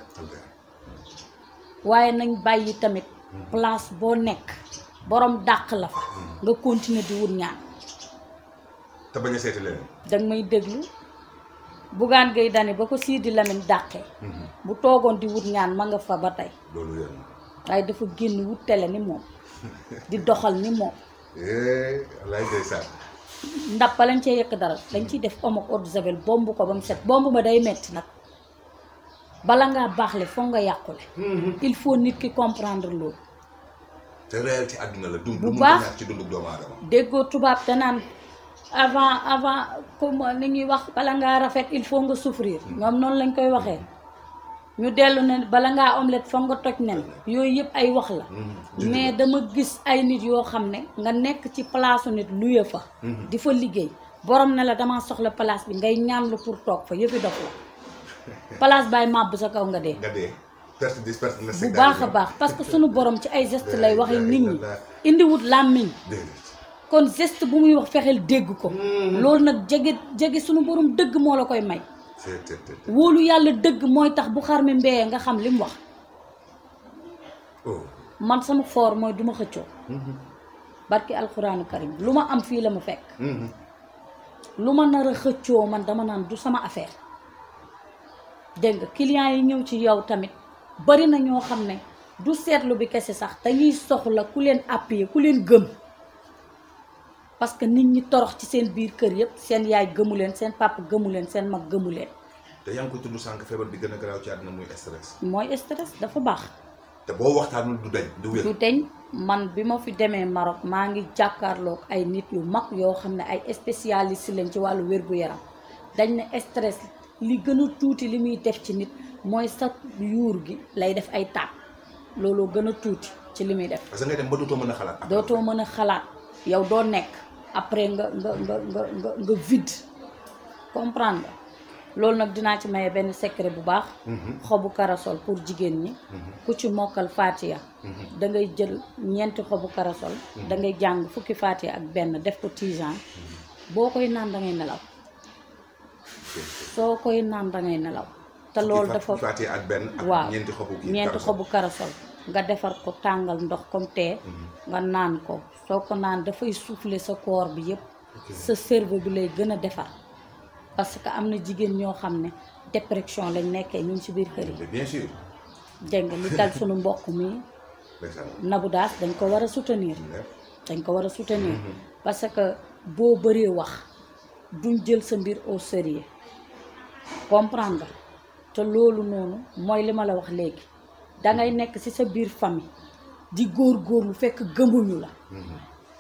waaye nañ bàyyi tamit place boo nekk boroom dàq la fa nga continuer di wut ñaan danga may déglu Bougane Gueye Dany ba ko Sidi Lamine dàqe bu mhm. toogoon di wut ñaan ma nga fa ba tey waaye dafa génn wut tele ni moom di doxal ni moom eh, ndab ba lañ cee yëkk dara dañ ciy def omo ak eau de bomb ko ba mu set bomb ma day metti nag bala ngaa baaxle foog nga yàqule mhm. il faut nit ki comprendre loolu te réalité àdduna la dund bu baax ci dundu doomu aadama déggoo tubaab danaan avant avant comme ni ñuy wax bala ngaa rafet il faut nga souffrir ñoom noonu lañ koy waxee ñu dellu ne bala ngaa omelette foog nga toj nen yooyu yëpp ay wax la mm-hmm. mais dama gis ay nit yoo xam ne nga nekk ci palaasu nit luye fa mm-hmm. di fa liggéey borom ne la dama soxla place bi ngay ñaanlu pour toog fa yëfi dof la place baay màbb sa kaw nga dee bu baax a baax parce que sunu borom ci ay geste lay waxi nit ñi indiwut làmmiñ kon geste bu muy wax fexeel dégg ko. Mm-hmm. loolu nag jege jege suñu borom dëgg moo la koy may. woolu yàlla dëgg mooy tax bu xar mi mbéyee nga xam li mu wax. Oh. man sama foor mooy duma xëccoo. Mm-hmm. barki alxuraanu karim lu ma am fii la mu fekk. Mm-hmm. lu ma nara xëccoo man dama naan du sama affaire. dégg nga client yi ñëw ci yow tamit bari na ñoo xam ne du seetlu bi kese sax dañuy soxla ku leen appuyer ku leen gëm. parce que nit ñi torox ci seen biir kër yëpp seen yaay gëmu leen seen papa gëmu leen seen mag gëmu leen. te sànq feebar bi gën a garaaw ci àdduna muy stress. mooy stress dafa baax. te boo waxtaanul du deñ du wér. du deñ man bi ma fi demee Maroc maa ngi jàkkaarloog ay nit yu mag yoo xam ne ay spécialiste leen ci wàllu wér-gu-yaram dañ ne stress li gën a tuuti li muy def ci nit mooy sa yuur gi lay def ay taat looloo gën a tuuti ci li muy def. parce que ngay dem ba dootoo mën a xalaat. dootoo mën a xalaat yow doo nekk. après nga nga nga nga nga nga vide comprendre loolu nag dinaa ci maye benn secret bu baax mhm. xobu karasol pour jigéen ñi mhm. ku ci mokkal faatiya mhm. da ngay jël ñeenti xobu karasol da ngay jàng fukki faatiya ak benn def ko tijan boo koy naan da ngay nelaw soo koy naan da ngay nelaw te loolu dafa faatiya ak benn ak ñeenti xobu karasol nga defar ko tàngal ndox comme tee mhm. nga naan ko soo ko naan dafay suufle sa koor bi yëpp sa cerveau bi lay gën a defar parce que am na jigéen ñoo xam ne dépression lañ nekkee ñu ngi si biir kër yi bien li dal suñu mbokk mi Nabou daal dañ ko war a soutenir dañ ko war a soutenir mhm. parce que boo bëree wax duñ jël sa mbir au sérieux comprendre te loolu noonu mooy li ma la wax léegi dangay nekk ci sa biir famille di góor góorgóorlu fekk gëmuñu la mhm.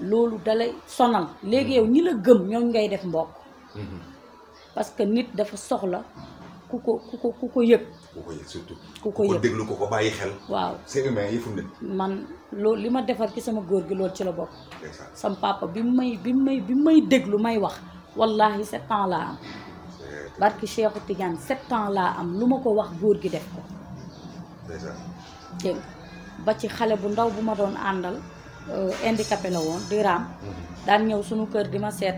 loolu dalay sonal léegi yow ñi la gëm ñoom ngay def mbokk mhm. parce que nit dafa soxla ku ko ku ko ku ko yëg ku ko yëg ku ko yëg man loolu li ma defar ci sama góor gi loolu ci la bokk sama papa bi may bi may bi may déglu may wax wallahi sept laa am barki Cheikhu Tidiane sept ans laa am lu ma ko wax góor gi def ko cëng ba ci xale bu ndaw bu ma doon àndal indi euh, handicapé la woon di raam daan ñëw suñu kër di ma seet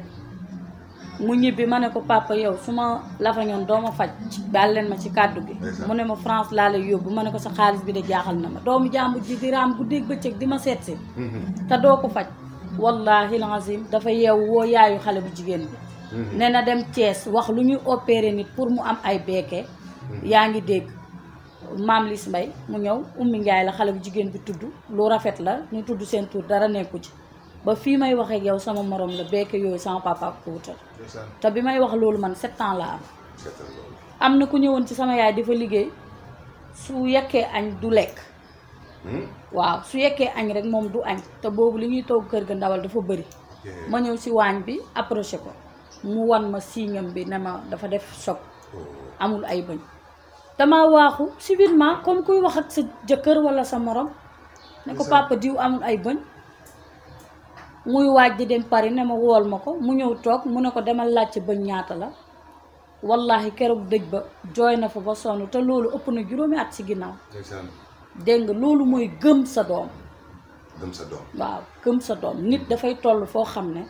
mu ñibbi ma ne ko papa yow su ma lafañoon doo ma faj baal leen ma ci kàddu bi mu ne ma France laa lay yóbbu ma ne ko sa xaalis bi de jaaxal na ma doomu jàmbur ji di raam guddi bëccëg di ma seet si mm-hmm. te doo ko faj wallahi lazim dafa yeewu woo yaayu xale bu jigéen bi mm-hmm. ne na dem Thiès wax lu ñuy opéré nit pour mu am ay beeke mm-hmm. yaa ngi dégg maam Liss Mbaye mu ñëw ummi Ndiaye la xale bu jigéen bi tudd lu rafet la ñu tudd seen tur dara nekku ci ba fii may waxee yow sama morom la bekk yooyu sama papa ko wutal te bi may wax loolu man sept ans laa am am na ku ñëwoon ci sama yaay di fa liggéey su yekkee añ du lekk hmm? waaw su yekkee añ rek moom du añ te boobu li ñuy togg kër ga ndawal dafa bëri ma ñëw si waañ bi approché ko mu wan ma siiñam bi ne ma dafa def choc oh. amul ay bëñ dama waaxu subitement comme kuy wax ak sa jëkkër walla sa morom ne ko papa diw amul ay bëñ muy waaj di dem Paris ne ma wool ma ko mu ñëw toog mu ne ko demal laajte bëñ ñaata la wallahi keroog dëj ba jooy na fa ba sonn te loolu ëpp na juróomi at si ginnaaw dégg nga loolu mooy gëm gëm sa doom waaw gëm sa doom nit dafay toll foo xam ne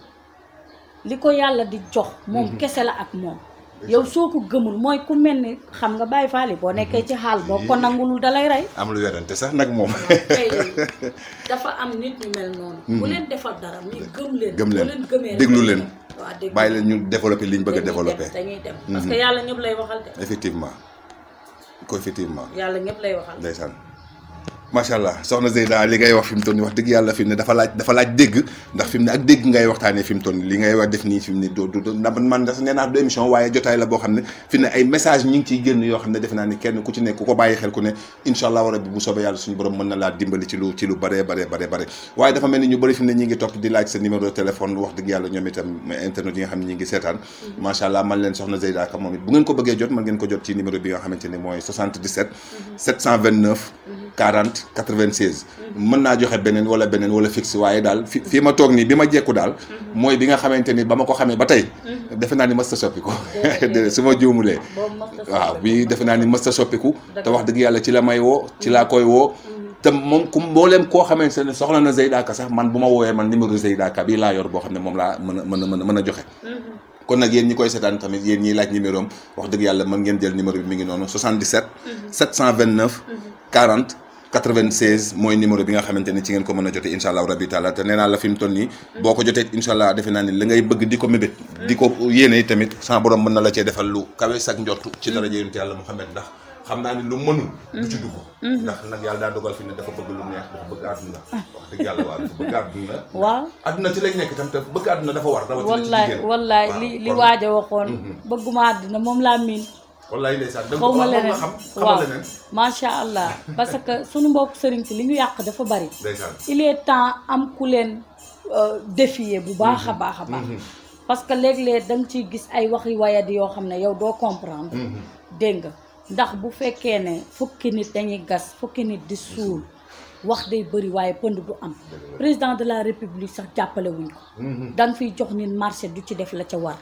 li ko yàlla di jox moom mhm. kese la ak moom yow soo ko gëmul mooy ku mel ni xam nga bàyyi faali boo mhm. nekkee ci xaal boo ko nangulul dalay rey am lu werante sax nag moom dafa am nit ñu mel noonu bu mhm. leen defal dara mais gëm leen gëm leen déglu leen waaw bàyyi leen ñu développé li ñu bëgg a développé mhm. yàlla ñëpp lay waxal de effectivement ko effectivement yàlla ñëpp lay waxal ndeysaan macha allah soxna Zeyda li ngay wax fi mu toll nii wax dëgg yàlla fi mu ne dafa laaj dafa laaj dégg ndax fi mu ne ak dégg ngay waxtaanee fi mu toll nii li ngay wax def nii fi mu ne du du ndax man da nee naa du émission waaye jotaay la boo xam ne fi ne ay message ñi ngi ciy génn yoo xam ne defe naa ni kenn ku ci nekk ku ko bàyyi xel ku ne incha allah rabbi bu soobee yàlla suñu borom mën na laa dimbali ci lu ci lu bare bare bare bare waaye dafa mel ni ñu bëri fi mu ne ñi ngi topp di laaj sa numéro de téléphone wax dëgg yàlla ñoom itam internet yi nga xam ne ñi ngi seetaan mm-hmm. macha allah man leen soxna Zeyda ka moom it bu ngeen ko bëggee jot mën ngeen ko jot ci numéro bi nga xamante ne mooy 77 729 mm-hmm. 40 96. mën naa joxe beneen wala beneen wala fixe waaye daal fi fii ma toog nii bi ma jekku daal. mooy bi nga xamante ni ba ma ko xamee ba tey. defe naa ni mës ta soppiku. déedéet su ma juumulee. waaw bii defe naa ni mës ta soppiku. te wax dëgg yàlla ci la may woo ci laa koy woo. Mm-hmm. te moom ku mbooleem koo xamante ne soxla na Zeyda sax man bu ma woowee man numéro Zeyda bii laa yor boo xam ne moom laa mën a mën a mën a joxe. Mm-hmm. kon nag yéen ñi koy seetaan tamit yéen ñiy laaj numéro wax dëgg yàlla mën ngeen jël numéro bi mi ngi noonu 77. 729. 40. 96 mooy numéro bi nga xamante ci ngeen ko mën a jotee incha allah rabi te nee la fi mu nii boo ko jotee incha allah defe naa ni la ngay bëgg di ko mébét di ko yéene tamit sans borom xam naa ni lu mënul lu ci dugg mm-hmm. ndax nag yàlla daa dogal fi ne dafa bëgg lu neex dafa bëgg àdduna ah. waaw dafa ci lañ nekk tam te bëgg àdduna dafa war rawatina wallaay wallaay li li waaja waxoon mm-hmm. bëgguma moom laa miin wallaay ndeysaan leneen waaw macha allah parce que suñu mbokk sëriñ si li ñu yàq dafa bari il est temps am ku leen euh, défier bu baax a mm-hmm. baax a baax mm-hmm. parce que léeg-léeg danga ciy gis ay waxi wayadi yoo xam ne yow doo comprendre mm-hmm. dégg nga ndax bu fekkee ne fukki nit dañuy gas fukki nit di suul wax day bëri waaye pënd du am président de la république sax jàppale wuñ ko mm-hmm. danga fiy jox nit marché du ci def la ca war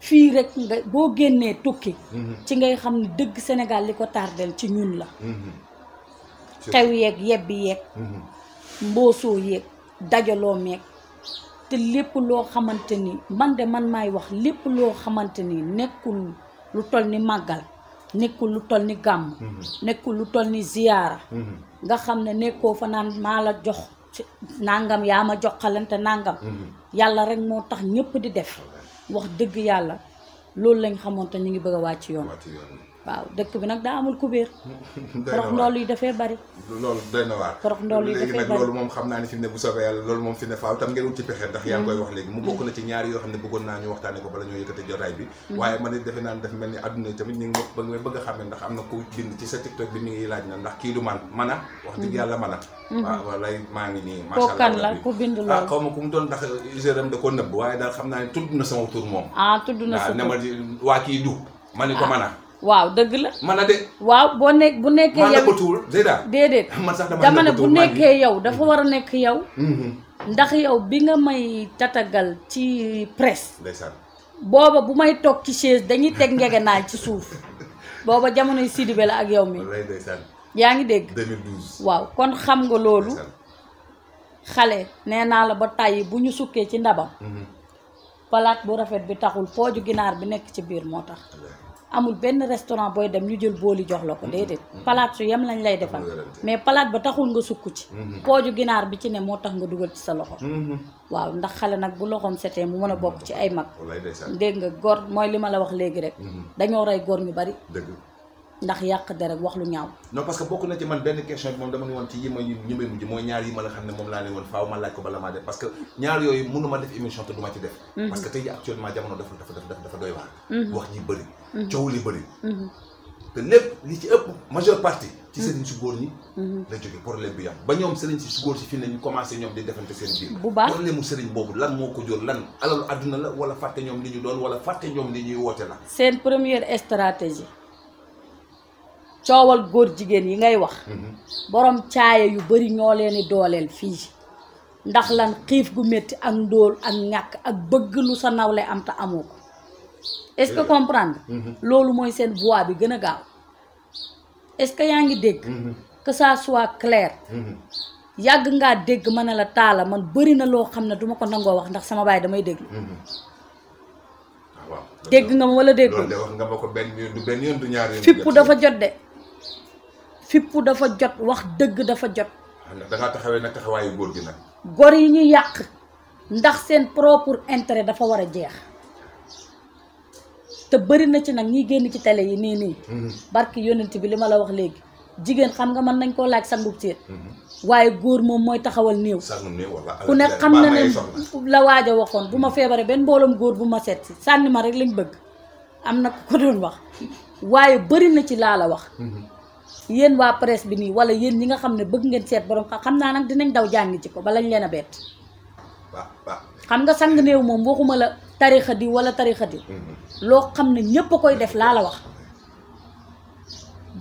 fii rek nga boo génnee tukki mm-hmm. ci ngay xam ne dëgg Sénégal li ko tardel ci ñun la mm-hmm. xew yeeg yebbi yeeg mboosoo yeeg dajaloo meeg te lépp loo xamante ni man de man maay wax lépp loo xamante ni nekkul lu toll ni màggal nekkul lu toll ni gàmm mhm. nekkul lu toll ni ziyaara mhm. nga xam ne nekkoo fa naan maa la jox nangam yaa ma joxalante nangam mhm. yàlla rek moo tax ñëpp di def wax dëgg yàlla loolu lañ xamoon te ñu ngi bëgg a wàcc yoon waaw dëkk bi nag daa amul kubéer. torox ndool yi dafee bari. loolu doy léegi nag loolu moom xam naa ne fi ne bu soobee yàlla loolu moom fi ne faaw tam ngeen wut ci pexe ndax yaa ngi koy wax léegi mu bokk na ci ñaari yoo xam ne bëggoon naa ñu waxtaane ko bala ñoo yëkkati jotaay bi mm-hmm. waaye man defe naa ne dafa mel ni adduna tamit ñu ngi ba nga bëgg a xamee ndax am na ku bind ci sa tiktok bi mi ngi laaj na ndax kii du man man a wax dëgg mm-hmm. yàlla man a mm-hmm. waaw walay maa ngi nii macha allah kookan la ku bind ah, ma doon ndax koo nëbb waaye daal xam na sama moom ah tudd na sa tur ne ma waa kii waaw dëgg la. man waaw boo nekk bu nekkee. yow man na ko tuur déedéet. man bu nekkee yow dafa war a nekk yow. Mm-hmm. ndax yow bi nga may tatagal ci presse. booba bu may toog ci chaise dañuy teg ngegenaay ci suuf booba jamonoy Sidibé la ak yow mi yaa ngi dégg waaw kon xam nga loolu xale nee naa la ba tàyyi bu ñu sukkee ci ndabam mm-hmm. palaat bu rafet bi taxul fooju ginaar bi nekk ci biir moo tax amul benn restaurant booy dem ñu jël booli jox la ko mm-hmm. déedéet palaat su yem lañ lay defal mais palaat ba taxul nga sukk ci mm-hmm. pooju ginaar bi ci ne moo tax nga dugal ci sa loxo mm-hmm. waaw ndax xale nag bu loxoom setee mu mën a bokk ci ay mag dégg nga góor mooy li ma la wax léegi rek dañoo rey góor ñu bari ndax yàq der wax lu ñaaw. non parce que bokk na ci man benn question bi moom dama ne woon ci yi ma ñu may mujj mooy ñaar yi ma la xam ne moom laa ne woon faaw ma laaj ko bala maa def parce que ñaar yooyu mënu ma def émission te du ci def. Mhm. parce que tey jii actuellement jamono dafa dafa dafa doy mhm. wax ji bëri. Mhm. coow li bëri. te lépp li ci ëpp majeure partie. ci sëriñ si góor ñi. la jóge problème bi yam ba ñoom sëriñ si góor si fii nañu commencé ñoom di defante seen biir. bu baax problème ko jóor lan alalu àdduna la wala fàtte ñoom li ñu doon wala fàtte ñoom li ñuy woote la. seen coowal góor jigéen yi ngay wax mhm. borom caaya yu bari ñoo leen di dooleel fii ndax lan xiif gu metti ak ndóol ak ñàkk ak bëgg lu sa nawle am te amoo ko est-ce que comprendre mhm. loolu mooy seen voix bi gën a gaaw est-ce que yaa ngi dégg mhm. que ça yàgg ngaa dégg ma ne la taala man bëri na loo xam ne duma ko nangoo wax ndax sama baay damay déglu ah, dégg nga ma wala dégg nga ma ko benn dafa jot de fippu dafa jot wax dëgg dafa jot. da ngaa taxawee nag taxawaayu góor góor yi ñu yàq ndax seen propre intérêt dafa war a jeex te bëri na ci nag ñiy génn ci tele yi nii nii. Mhm. barki yonent bi li ma la wax léegi jigéen xam nga mën nañ koo laaj sangub ceet mhm. waaye góor moom mooy taxawal néew. ku ne xam na ne la waaj a waxoon bu ma feebaree benn mbooloom góor bu ma set si sànni ma rek lañ bëgg am na ku ko doon wax waaye bëri na ci laa la wax. Mhm. yéen waa presse bi nii wala yéen ñi nga xam ne bëgg ngeen seet borom xam naa nag dinañ daw jàngi ci ko balañ leen a bett. xam nga sang néew moom waxuma la tarixa di wala tarixa di mm-hmm. loo xam ne ñëpp a koy def laa la wax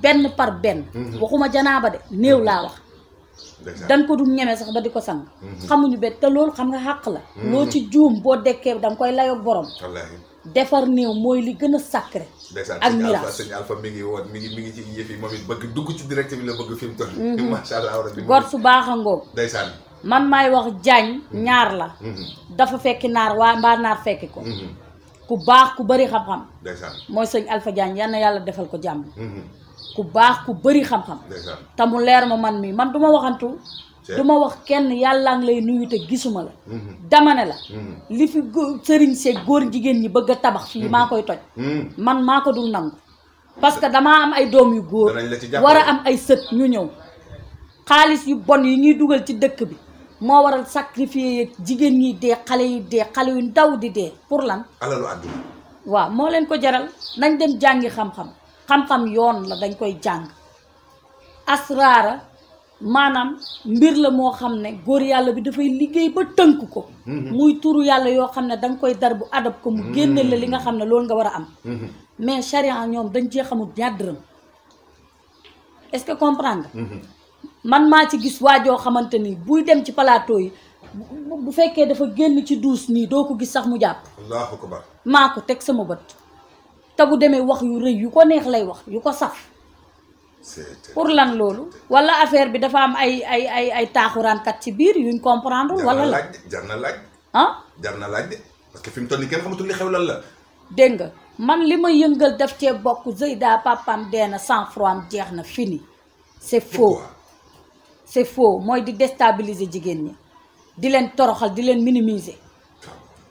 benn par benn. Mm-hmm. waxuma janaaba de néew laa wax. dañ ko du ñeme sax ba di ko sang. Mm-hmm. xamuñu bet te loolu xam nga xàq la. loo ci juum boo dekkee danga koy layoog borom. defar néew mooy li gën a sacré. ak miraas sëñ Alpha mi ngi woon mi ngi mi ngi ci yëf moom it bëgg dugg ci direct bi la bëgg fi mu toll. Mhm. macha su baax a ngoog. man maay wax jaañ mhm. ñaar la. Mhm. dafa fekki naar waa mbaa naar fekki ko. ku baax ku bëri xam-xam. mooy sëñ Alpha Diagne yal na yàlla defal ko jàmm. ku baax ku bëri xam-xam. te leer ma man mii man du waxantu. du wax kenn yàllaa ngi lay nuyu te gisuma la mm-hmm. dama ne la mm-hmm. li fi sëriñ seeg góor jigéen ñi bëgg tabax fii mm-hmm. maa koy toj man maa ko dul nangu parce que damaa am ay doom yu góor war a am ay sët ñu ñëw xaalis yu bon yi ñuy dugal ci dëkk bi moo waral sacrifier jigéen ñi dee xale yi dee xale yu ndaw di dee pour lan waaw moo leen ko jaral nañ dem jàngi xam-xam xam-xam yoon la dañ koy jàng asraara maanaam mbir la moo xam ne góor yàlla bi dafay liggéey ba tënk ko mhm. muy turu yàlla yoo xam ne danga koy dar bu adab ko mu mhm. génne la li nga xam ne loolu nga war a am mhm. mais charien ñoom dañ cee xamul ñaar dërëm est-ce que comprendre man maa ci gis waa joo xamante ni buy dem ci palaato yi bu fekkee dafa génn ci duus nii doo ko gis sax mu jàpp maa ko teg sama bët te bu demee wax yu rëy yu ko neex lay wax yu ko saf pour lan loolu wala affaire bi dafa am ay ay ay ay taaxuraankat ci biir yuñ comprendre wala la jar na laaj de parce que fi mu kenn xamatul li xew lan la dégg nga man li ma yëngal daf ceeb bokk Zeyda papam deena sans froid jeex na fini c'est faux c'est faux mooy di déstabiliser jigéen ñi di leen toroxal di leen minimiser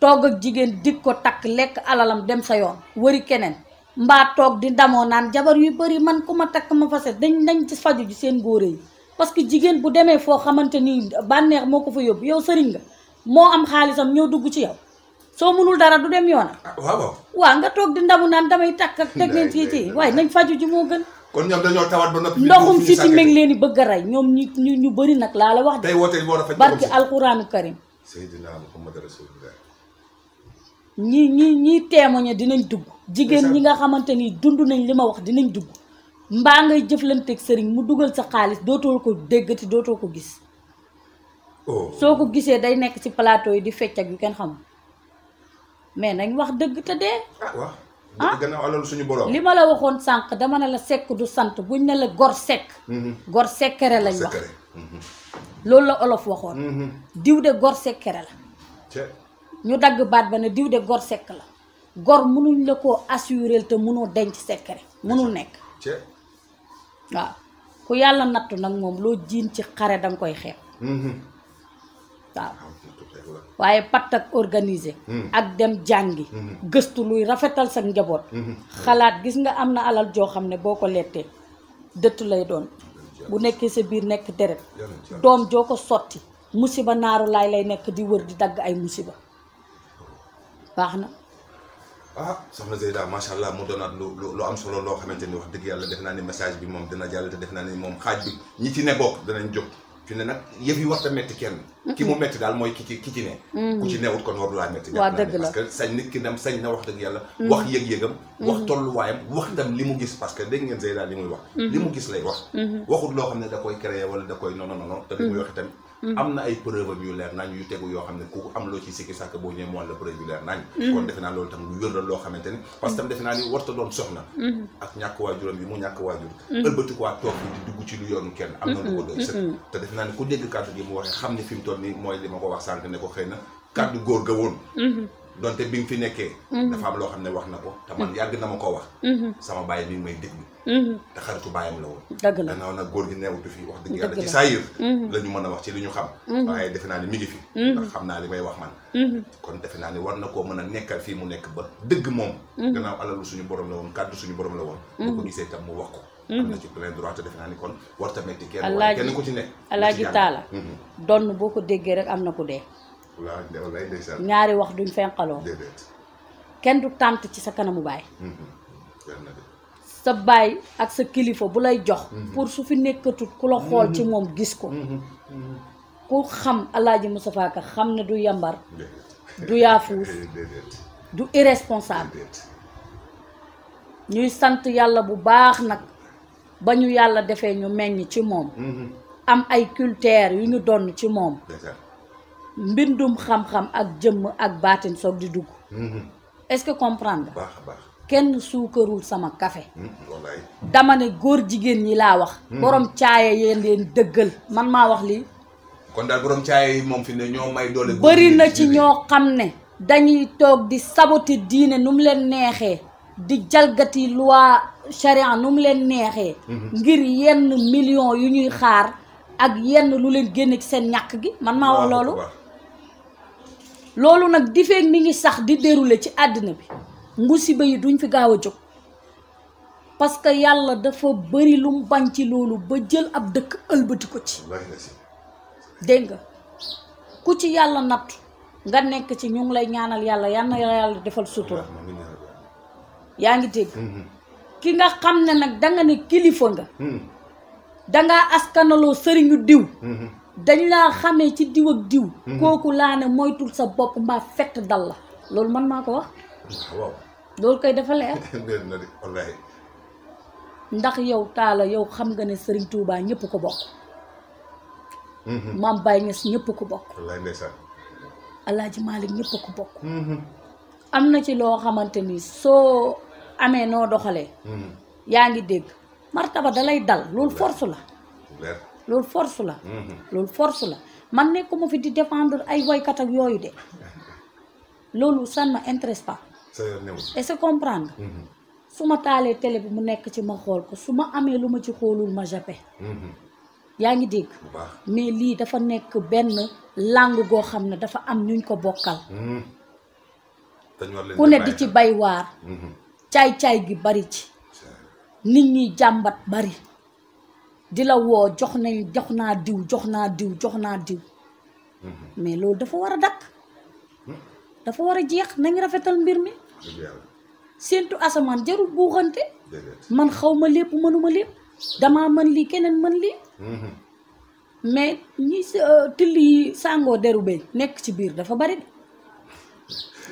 toog ak jigéen dig ko takk lekk alalam dem sa yoon wëri keneen mbaa toog di damoo naan jabar yu bari man ku ma takk ma fase dañ dañ ci faju ji seen góore yi parce que jigéen bu demee foo xamante ni bànneex moo ko fa yóbbu yow sëriñ nga moo am xaalisam ñëw dugg ci yow soo mënul dara du dem yoonam. Ah, waaw waaw nga toog di ndamu naan damay takk ak teg leen ci ci waaye nañ faju ji moo gën. kon ñoom dañoo tawat ba noppi. ndoxum si ci mi ngi leen bëgg a rey ñoom ñu ñu bari nag laa la wax. tey woote li war a faj barki alquraanu karim. ñi ñi ñi témoigné dinañ dugg jigéen ñi nga xamante ni dund nañ li ma wax dinañ dugg mbaa ngay jëflanteek sëriñ mu dugal sa xaalis dootoo ko déggati dootoo ko gis oh. soo ko gisee day nekk ci palaato yi di fecc ak yu kenn xamul mais nañ wax dëgg te dee ah, ah. suñu borom li ma la waxoon sànq dama ne la sekk du sant buñ ne la gor sekk mm-hmm. gor sekkere lañ wax mm-hmm. loolu la olof waxoon mm-hmm. diw de gor sekkere la ñu dagg baat ba ne diw de gor sekk la gor mënuñ la ko assuré te mënoo denc secret mënul nekk waaw ku yàlla nattu nag moom loo jiin ci xare danga koy xeeb mm-hmm. waaw ah, waaye patt ak organisé mm-hmm. ak dem jàngi mm-hmm. gëstu luy rafetal sa njaboot xalaat gis nga am na alal joo xam ne boo ko lettee dëttu lay doon bu nekkee sa biir nekk deret doom joo ko sotti musiba naaru laay lay nekk di wër di dagg ay musiba baax na ah soxna Zeyda macha allah mu doonaat lu lu am solo loo xamante ni wax dëgg yàlla def naa ni message bi moom dina jàll te def naa ni moom xaaj bi ñi ci ne bokk danañ jóg fi ne nag yëf yi warta metti ki mooy ki ci ki ci ne mhm. ku kon warulaa metti waaw dëgg la parce que sañ nit ki dem sañ na wax dëgg yàlla mhm. wax yëg-yëgam mhm. wax tolluwaayam wax itam li mu gis parce que dégg ngeen Zeyda li muy wax li mu gis lay wax waxut loo xam ne da koy créer wala da koy non non non te li muy wax itam Mm-hmm. am na ay preuve am yu leer yu tegu yoo xam ne ku am loo ci sikki sàkk boo ñëwee mu wan la preuve yu leer nañ mm-hmm. kon defe naa loolu tam lu wér loo xamante ni parce que tam defe naa ni warta doon soxna mm-hmm. ak ñàkk waajuram bi mu ñàkk waajur ëlbatiku waa toog yi dugg ci lu yoonu kenn am na lu ko doy sëkk te defe naa ni ku dégg kàddu gi mu waxee xam ne fi mu toll ni mooy li ma ko wax sànq ne ko xëy na kàddu góor ga woon donte bi nga fi nekkee. Mhm. dafa am loo xam ne wax na ko. te man mhm. yàgg na ma koo wax. Mhm. sama bàyyi mi ngi may déglu. te xaritu bàyyam la woon. dëgg la gannaaw na góor gi newutu fi wax dëgg yàlla ci saa yër. la mën a wax ci li ñu xam. waaye defe naa ne mi ngi fi. ndax xam naa li may wax man. kon defe naa ni war na koo mën a nekkal fii mu nekk ba dëgg moom. gannaaw alalu suñu borom la woon kàddu suñu borom la woon. bu ko gisee tam mu wax ko. am na ci plein droit te defe naa ni kon war tamit kenn. kenn ku ci nekk alaaji taala boo ko déggee rek am na ku dee ñaari wax duñ fenqaloo kenn du tànt ci sa kanamu baay mm-hmm. sa baay ak sa kilifa bu lay jox mm-hmm. pour su fi nekkatut ku la xool ci mm-hmm. moom gis ko ku xam alaaji Moustapha Ka xam ne du yambar du yaafuus du irresponsable ñuy sant yàlla bu baax nag ba ñu yàlla defee ñu meññ ci moom am ay culture yu ñu donn ci moom mbindum xam-xam ak jëmm ak baatin soog di dugg mhm. est-ce que comprendre nga kenn suukarul sama kafe mhm, dama ne góor jigéen ñi laa wax mhm. borom caaye yéen leen dëggal man maa wax li kon yi moom fi ne ñoo may na ci ñoo xam ne dañuy toog di saboter diine nu mu leen neexee di jalgati loi charia nu mu leen neexee ngir yenn million yu ñuy xaar ak yenn lu leen génne ci seen ñàkk gi man maa wax loolu loolu nag di feeg mi ngi sax di déroulé ci àddina bi ngu musiba yi duñ fi gaaw a jóg parce que yàlla dafa bari lu mu bañ ci loolu ba jël ab dëkk ëlbati ko ci dégg nga ku ci yàlla nattu nga nekk ci ñu ngi lay ñaanal yàlla yal na yàlla defal sutura yaa ngi dégg mm-hmm. ki nga xam ne nag danga ne kilifa nga mm-hmm. dangaa askanaloo sëriñu diw mm-hmm. dañ laa xame ci diw ak diw mhm. kooku laa ne moytul sa bopp mbaa fett dal la loolu man maa ko wax ah, loolu koy dafa leer ndax yow taala yow xam nga ne sëriñ tuubaa ñëpp ko bokk mhm. maam Baye Niass ñëpp ko bokk Alaaji Malick ñëpp ko bokk mhm. am na ci loo xamante ni soo amee noo doxalee yaa ngi dégg martaba dalay dal loolu force la loolu force la loolu force la man nekkuma fi di défendre ay woykat ak yooyu de loolu ça ne m'intéresse pas et se mhm. su ma taalee télé bi mu nekk ci ma xool ko su ma amee lu ma ci xoolul ma jappe mhm. yaa ngi dégg mais lii dafa nekk benn langue goo xam ne dafa am ñuñ ko bokkal mhm. ku ne di ci bay waar caay-caay gi bari ci nit ñuy jàmbat bari di la woo jox nañ jox naa diw jox naa diw jox naa diw mm-hmm. mais loolu dafa war a dakk hmm? dafa war a jeex nañ rafetal mbir mi séentu asamaan jarul buuxante man xaw ma lépp mënuma lépp damaa mën lii keneen mën li mm-hmm. mais ñi euh, till yi sàngoo deru beñ nekk ci biir dafa bari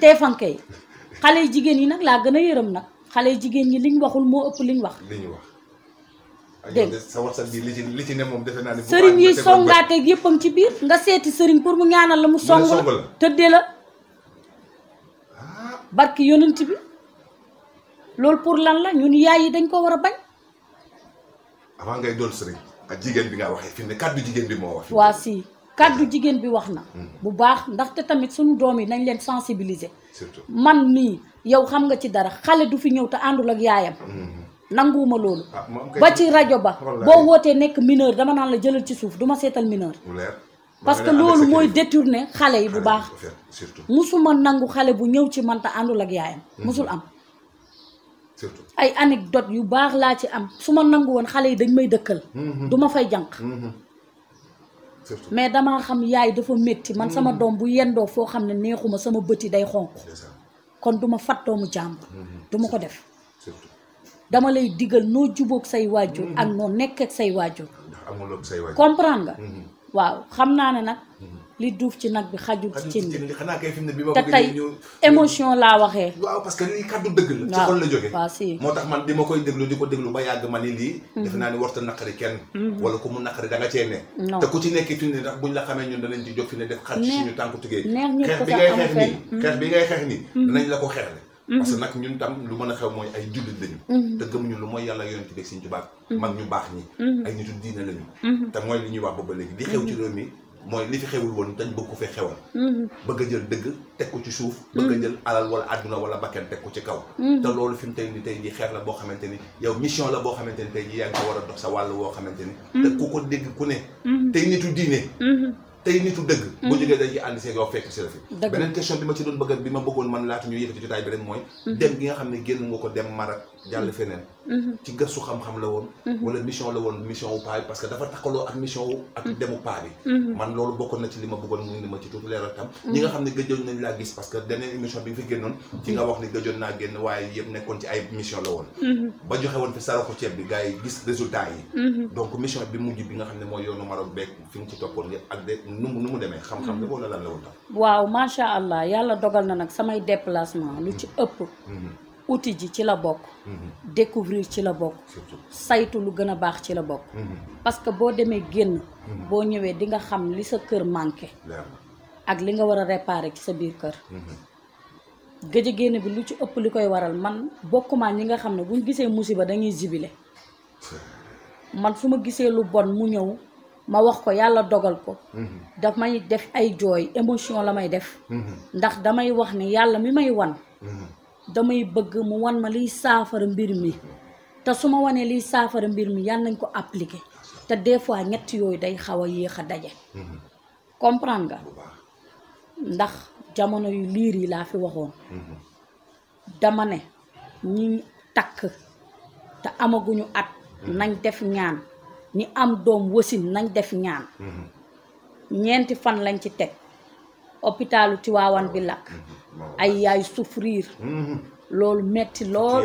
teefanke yi xale jigéen yi nag laa gën a yërëm nag xale jigéen ñi liñ waxul moo ëpp liñ wax dégg sa WhatsApp bi li li ci ne moom defe naa ne. sëriñ yi songaateeg yëpp a ngi ci biir nga seeti sëriñ pour mu ñaanal la mu. song la tëddee la. Ah. barki yonent bi loolu pour lan la ñun yaay yi dañ ko war a bañ. avant ngay doon sëriñ ak jigéen bi nga waxee fi kàddu jigéen bi moo wax. waa si kàddu ah. jigéen bi wax na. Hmm. bu baax ndaxte tamit suñu doom yi nañ leen sensibiliser. surtout man nii yow xam nga ci dara xale du fi ñëw te àndul ak yaayam. Hmm. nanguwuma loolu ah, ba ci rajo ba boo wootee nekk mineur dama naan la jëlal ci suuf duma seetal mineur parce que loolu mooy détourner xale yi bu baax mosuma nangu xale bu ñëw ci manta àndul ak yaayam mosul mhm. am ay anecdote yu baax laa ci am su ma nangu woon xale yi dañ may dëkkal mhm. du ma fay jànq mhm. mais damaa xam yaay dafa métti man sama doom bu yendoo foo xam ne neexuma sama bët yi day xonq kon duma fattoo mu jàmb duma ko def dama lay digal noo jubóog say waajur ak moo nekk ak say waajur comprendre nga mhm. waaw xam naa ne nag mhm. li duuf ci nag bi xajul ci cin bi xanaa kay fi ne bi ma te tey émotion laa waxee waaw parce que lii kàddu dëgg la la moo tax man bi ma koy déglu di ko déglu ba yàgg ma ni lii mhm. def naa ni warta naqari kenn wala ku mu naqari da nga te ku ci nekk fi mu ne ndax buñ la xamee ñun danañ ci jóg fi ne def xar ci suñu tànk tugee xeex bi ngay xeex nii xeex bi ngay xeex nii danañ la ko xeex Mhm. parce que nag ñun tam lu mën a xew mooy ay jullit lañu. Mhm. te gëmuñu lu mooy yàlla yonent beeg Sëriñ Tuubaa mhm. mag ñu baax ñi. ay nitu diine lañu. te mooy li ñuy wax booba léegi li xew ci réew mi mooy li fi xewul woon dañ bëgg ko fee xewal. bëgg a jël dëgg teg ko ci suuf. bëgg a jël alal wala àdduna wala bakkan teg ko ci kaw. te loolu fi mu tey nii tey jii xeer la boo xamante ni yow mission la boo xamante ni tey jii yaa ngi ko war a dox sa wàll woo xamante ni. te ku ko dégg ku ne. tey nitu dëgg mm-hmm. boo jógee dañ ci ànd seeg yow fekk si la fi beneen question bi ma ci doon bëgg bi ma bëggoon man laata ñu yëkkati jotaay beneen mooy mm-hmm. dem gi nga xam ne génn nga ko dem Maroc jàll feneen Mhm. ci gëstu xam-xam la woon. Mhm. wala mission la woon mission wu paa bi parce que dafa taxaloo ak mission wu. ak mhm. demu paa bi. man loolu bokkoon na ci li ma bëggoon mu ni ma ci tuuti leeral tam. ne gëjoon nañ laa gis parce que dernière émission bi nga fi génnoon. ci nga wax ni gëjoon naa génn waaye yëpp nekkoon ci ay mission la woon. ba joxe bi gars yi gis résultat yi. donc mission bi mujj bi nga xam ne mooy yoonu Maroc beeg fi nga ci toppoon yëpp ak de nu mu nu mu demee. xam-xam la wala lan la woon tam. waaw macha allah yàlla dogal na nag samay déplacement lu ci ëpp outil ji ci la bokk. Mhm. découvrir ci la bokk. saytu lu gën a baax ci la bokk. Mhm. parce que boo demee génn. Mhm. boo ñëwee di nga xam li sa kër manqué. ak li nga war a réparer ci sa biir kër. gëj génn bi lu ci ëpp li koy waral man bokkuma ñi nga xam ne buñ gisee musiba dañuy jibile man fu ma gisee lu bon mu ñëw ma wax ko yàlla dogal ko. daf may def ay jooy émotion la may def. ndax damay wax ne yàlla mi may wan. damay bëgg mu wan ma liy saafara mbir mi te su ma wanee liy saafara mbir mi yan nañ ko appliqué te des fois ñett yooyu day xaw a yéex a daje mhm. comprendre nga ndax jamono yu liir yi laa fi waxoon mhm. dama ne ñi takk te amaguñu at mhm. nañ def ñaan ñi am doom wasin nañ def ñaan ñeenti fan lañ ci teg hôpitalu Tivaouane bi lakk ay yaayu souffrir mm-hmm. loolu metti lool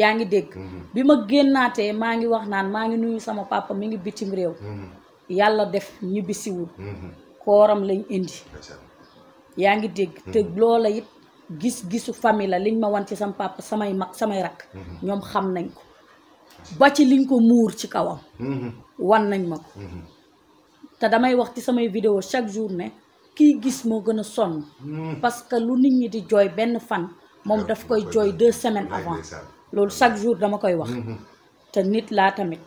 yaa ngi dégg mm-hmm. bi ma génnaatee maa ngi wax naan maa ngi nuyu sama papa mi ngi bitim réew mm-hmm. yàlla def ñibbisiwul kooram lañ indi yaa ngi dégg te loola it gis-gisu famille la liñ ma wan ci sama papa samay mag samay rakk ñoom xam nañ ko ba ci liñ ko muur ci kawam wan nañ ma ko te damay wax ci samay vidéo chaque jour ne kii gis moo gën a sonn hmm. parce que lu nit ñi di jooy benn fan moom daf koy jooy deux semaine avance loolu chaque jour dama koy wax hmm, hmm. te nit laa tamit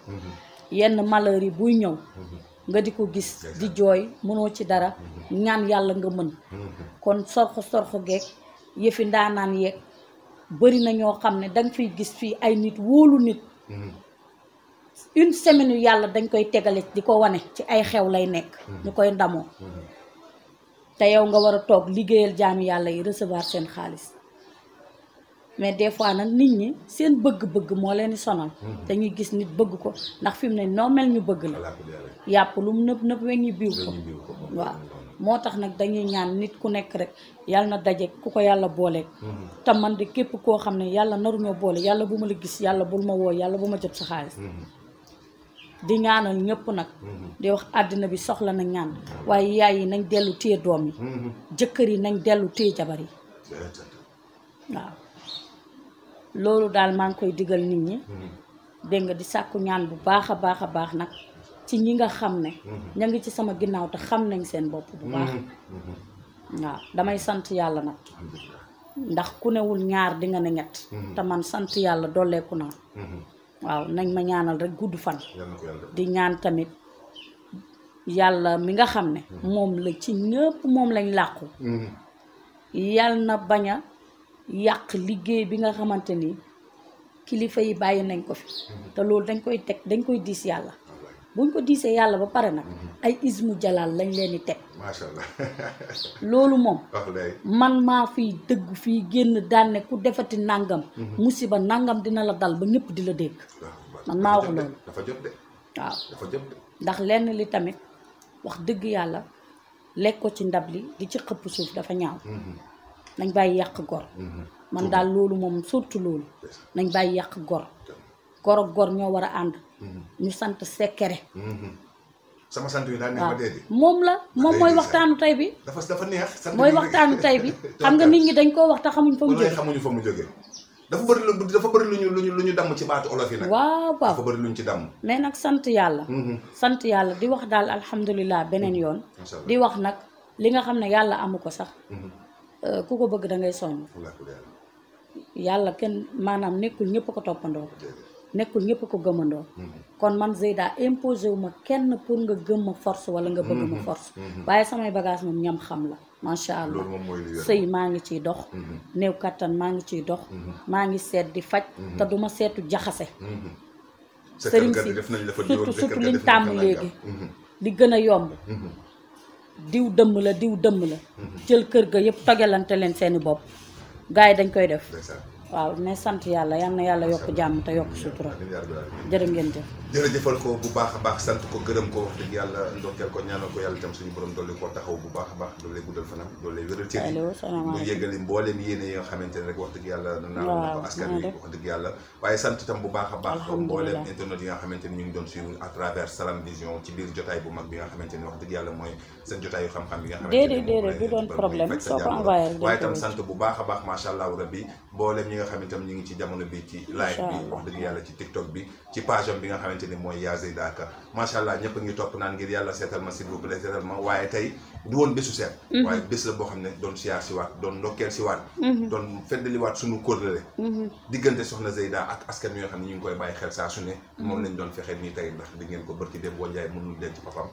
yenn malheur buy ñëw nga di ko gis di jooy mënoo ci dara ñaan yàlla nga mën kon sorxo sorxo geeg yëfi ndaanaan yeeg bëri na ñoo xam ne danga fiy gis fii ay nit wóolu nit une semaine yu yàlla dañ koy tegale di ko wane ci ay xew lay nekk ñu koy ndamoo te yow nga war a toog liggéeyal jaamu yàlla yi recevoir seen xaalis mais des fois nag nit ñi seen bëgg-bëgg moo leen di sonal. Hmm. dañuy gis nit bëgg ko ndax fi mu ne noo mel ñu bëgg la. yàpp lu mu nëb nëb weñ ñu biw ko. waaw moo tax nag dañuy ñaan nit ku nekk rek yàlla na daje ku ko yàlla booleeg. Hmm. te man de képp koo xam ne yàlla naruñoo boole yàlla bu ma la gis yàlla bul ma woo yàlla bu ma jot sa xaalis. Hmm. di ñaanal ñëpp nag mm-hmm. di wax àddina bi soxla na ñaan waaye yaay yi nañ dellu téye doom yi mm-hmm. jëkkër yi nañ dellu téye jabar yi waaw loolu daal maa ngi koy digal nit ñi mm-hmm. dégg di sàkku ñaan bu baax a baax a baax nag ci ñi nga xam ne ña ngi ci sama ginnaaw te xam nañ seen bopp bu baax waaw damay sant yàlla nag ndax ku newul ñaar di nga ne ñett te man sant yàlla dolleeku naa waaw nañ ma ñaanal rek gudd fan di ñaan tamit yàlla mi nga xam ne hmm. moom la ci ñëpp moom lañ làqu hmm. yàlla na bañ a yàq liggéey bi nga xamante ni kilifa yi bàyyi nañ ko fi hmm. te loolu dañ koy teg dañ koy diis yàlla buñ ko diisee yàlla ba pare nag mhm. ay ismu jalaal lañ leen di teg. loolu moom. man maa fiy dëggu fii génn daane ku defati nangam. Mhm. musiba nangam dina la dal ba ñëpp di la dégg. man maa wax loolu. dafa jot de waaw dafa jot de ndax lenn li tamit wax dëgg yàlla lekk ko ci ndab li di ci xëpp suuf dafa ñaaw. Mhm. nañ bàyyi yàq gor. man daal loolu moom surtout loolu. nañ bàyyi yàq gor. gor gor ñoo war a ànd. Mhm. ñu sant sekkere mhm. sama sant wi daal neex ba déedéet moom la moom mooy waxtaanu tey bi. dafa dafa neex. mooy waxtaanu tey bi xam nga nit ñi dañ koo wax te xamuñ fa mu jógee xamuñu fa mu jógee. dafa bëri lu dafa lu ñu lu ci baatu olof yi nag. waaw waaw mais nag sant yàlla. Mhm. sant yàlla di wax daal alhamdulilah beneen yoon. di wax nag li nga xam ne yàlla amu ko sax. Euh, ku ko bëgg da ngay soññ. yàlla kenn maanaam nekkul ñëpp ko toppandoo. nekkul ñëpp ko gëmandoo kon man Zeyda imposé wu ma kenn pour nga gëm force wala nga bëgg ma mhm. force mhm. Mhm. waaye samay bagage moom ñam xam la macha allah sëy maa ngi ciy dox néew kattan maa ngi ciy dox maa ngi seet di faj te duma seetu jaxase sëriñ si surtout liñ tàmm léegi li gën a yomb diw dëmm la diw dëmm la jël kër ga yëpp tojalante leen seeni bopp gars yi dañ koy def waaw mais sant yàlla yal na yàlla yokk jàmm te yokk sutura jërë ngeen jëf jërëjëfal ko bu baax a baax sant ko gërëm ko wax dëgg yàlla ndokkeel ko ñaanal ko yàlla itam suñu borom doole koo taxaw bu baax a baax doole guddal fanam doole wéral cër mu yëgali mbooleem yéene yi nga xamante ne rek wax dëgg yàlla naa ko askan wi wax dëgg yàlla waaye sant itam bu baax a baax mbooleem internet yi nga xamante ne ñu ngi doon suivre à travers Salam Vision ci biir jotaay bu mag bi nga xamante ne wax dëgg yàlla mooy seen jotaayu xam-xam bi nga xamante ne déedéet déedéet du doon problème soo ko envoyé waaye itam sant bu baax a baax macha allah rabbi mbooleem ñi nga xamante ni ñu ngi ci jamono bi ci live bi wax dëgg yàlla ci tiktok bi ci page am bi nga xamante ni mooy Ya Zeyda Ka macha allah ñëpp ngi topp naan ngir yàlla seetal ma si vous plaît seetal ma waaye tey du woon bésu seet mhm. waaye bés la boo xam ne doon siyaar si waat doon ndokkeel si waat mhm. doon feddaliwaat suñu kóllëre mhm. diggante soxna Zeyda ak askan wi nga xam ne ñu ngi koy bàyyi xel saa su ne moom lañ doon fexe nii ndax di ngeen ko bërki dem boo jaay mënul denc papam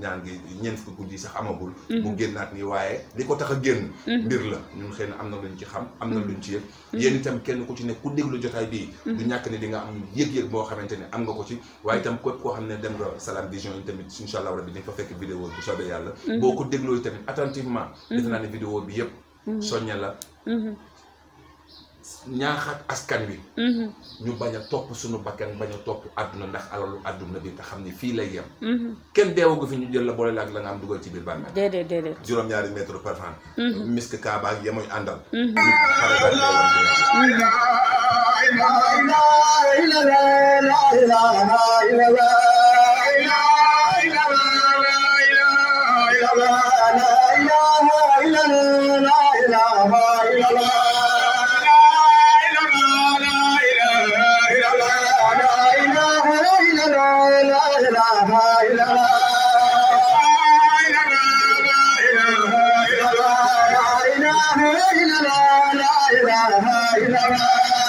ñaan gi ñeent fukki guddi sax amagul mu génnaat nii waaye li ko tax a génn mbir la ñun xëy na am na luñ ci xam am na lu luñ ci yëg yéen itam kenn ko ci ne ku déglu jotaay bii du ñàkk ne di nga am yëg-yëg boo xamante ne am nga ko ci waaye itam képp koo xam ne dem nga Salam Vision yi tamit insha Allah boo ko dégloo tamit attentivement. defe naa ne vidéo bi yëpp. soñña la. ñaaxaat askan wi. ñu bañ a topp suñu bakkan bañ a topp àdduna ndax alalu àdduna bi nga xam ni fii lay yem. kenn deewagu fi ñu jël la boole la ak la nga am dugal ci biir bàmmeel. déedéet déedéet. juróom-ñaari mètre par fan. misk kaaba ak yamuy àndal. ñu xaaral la la la la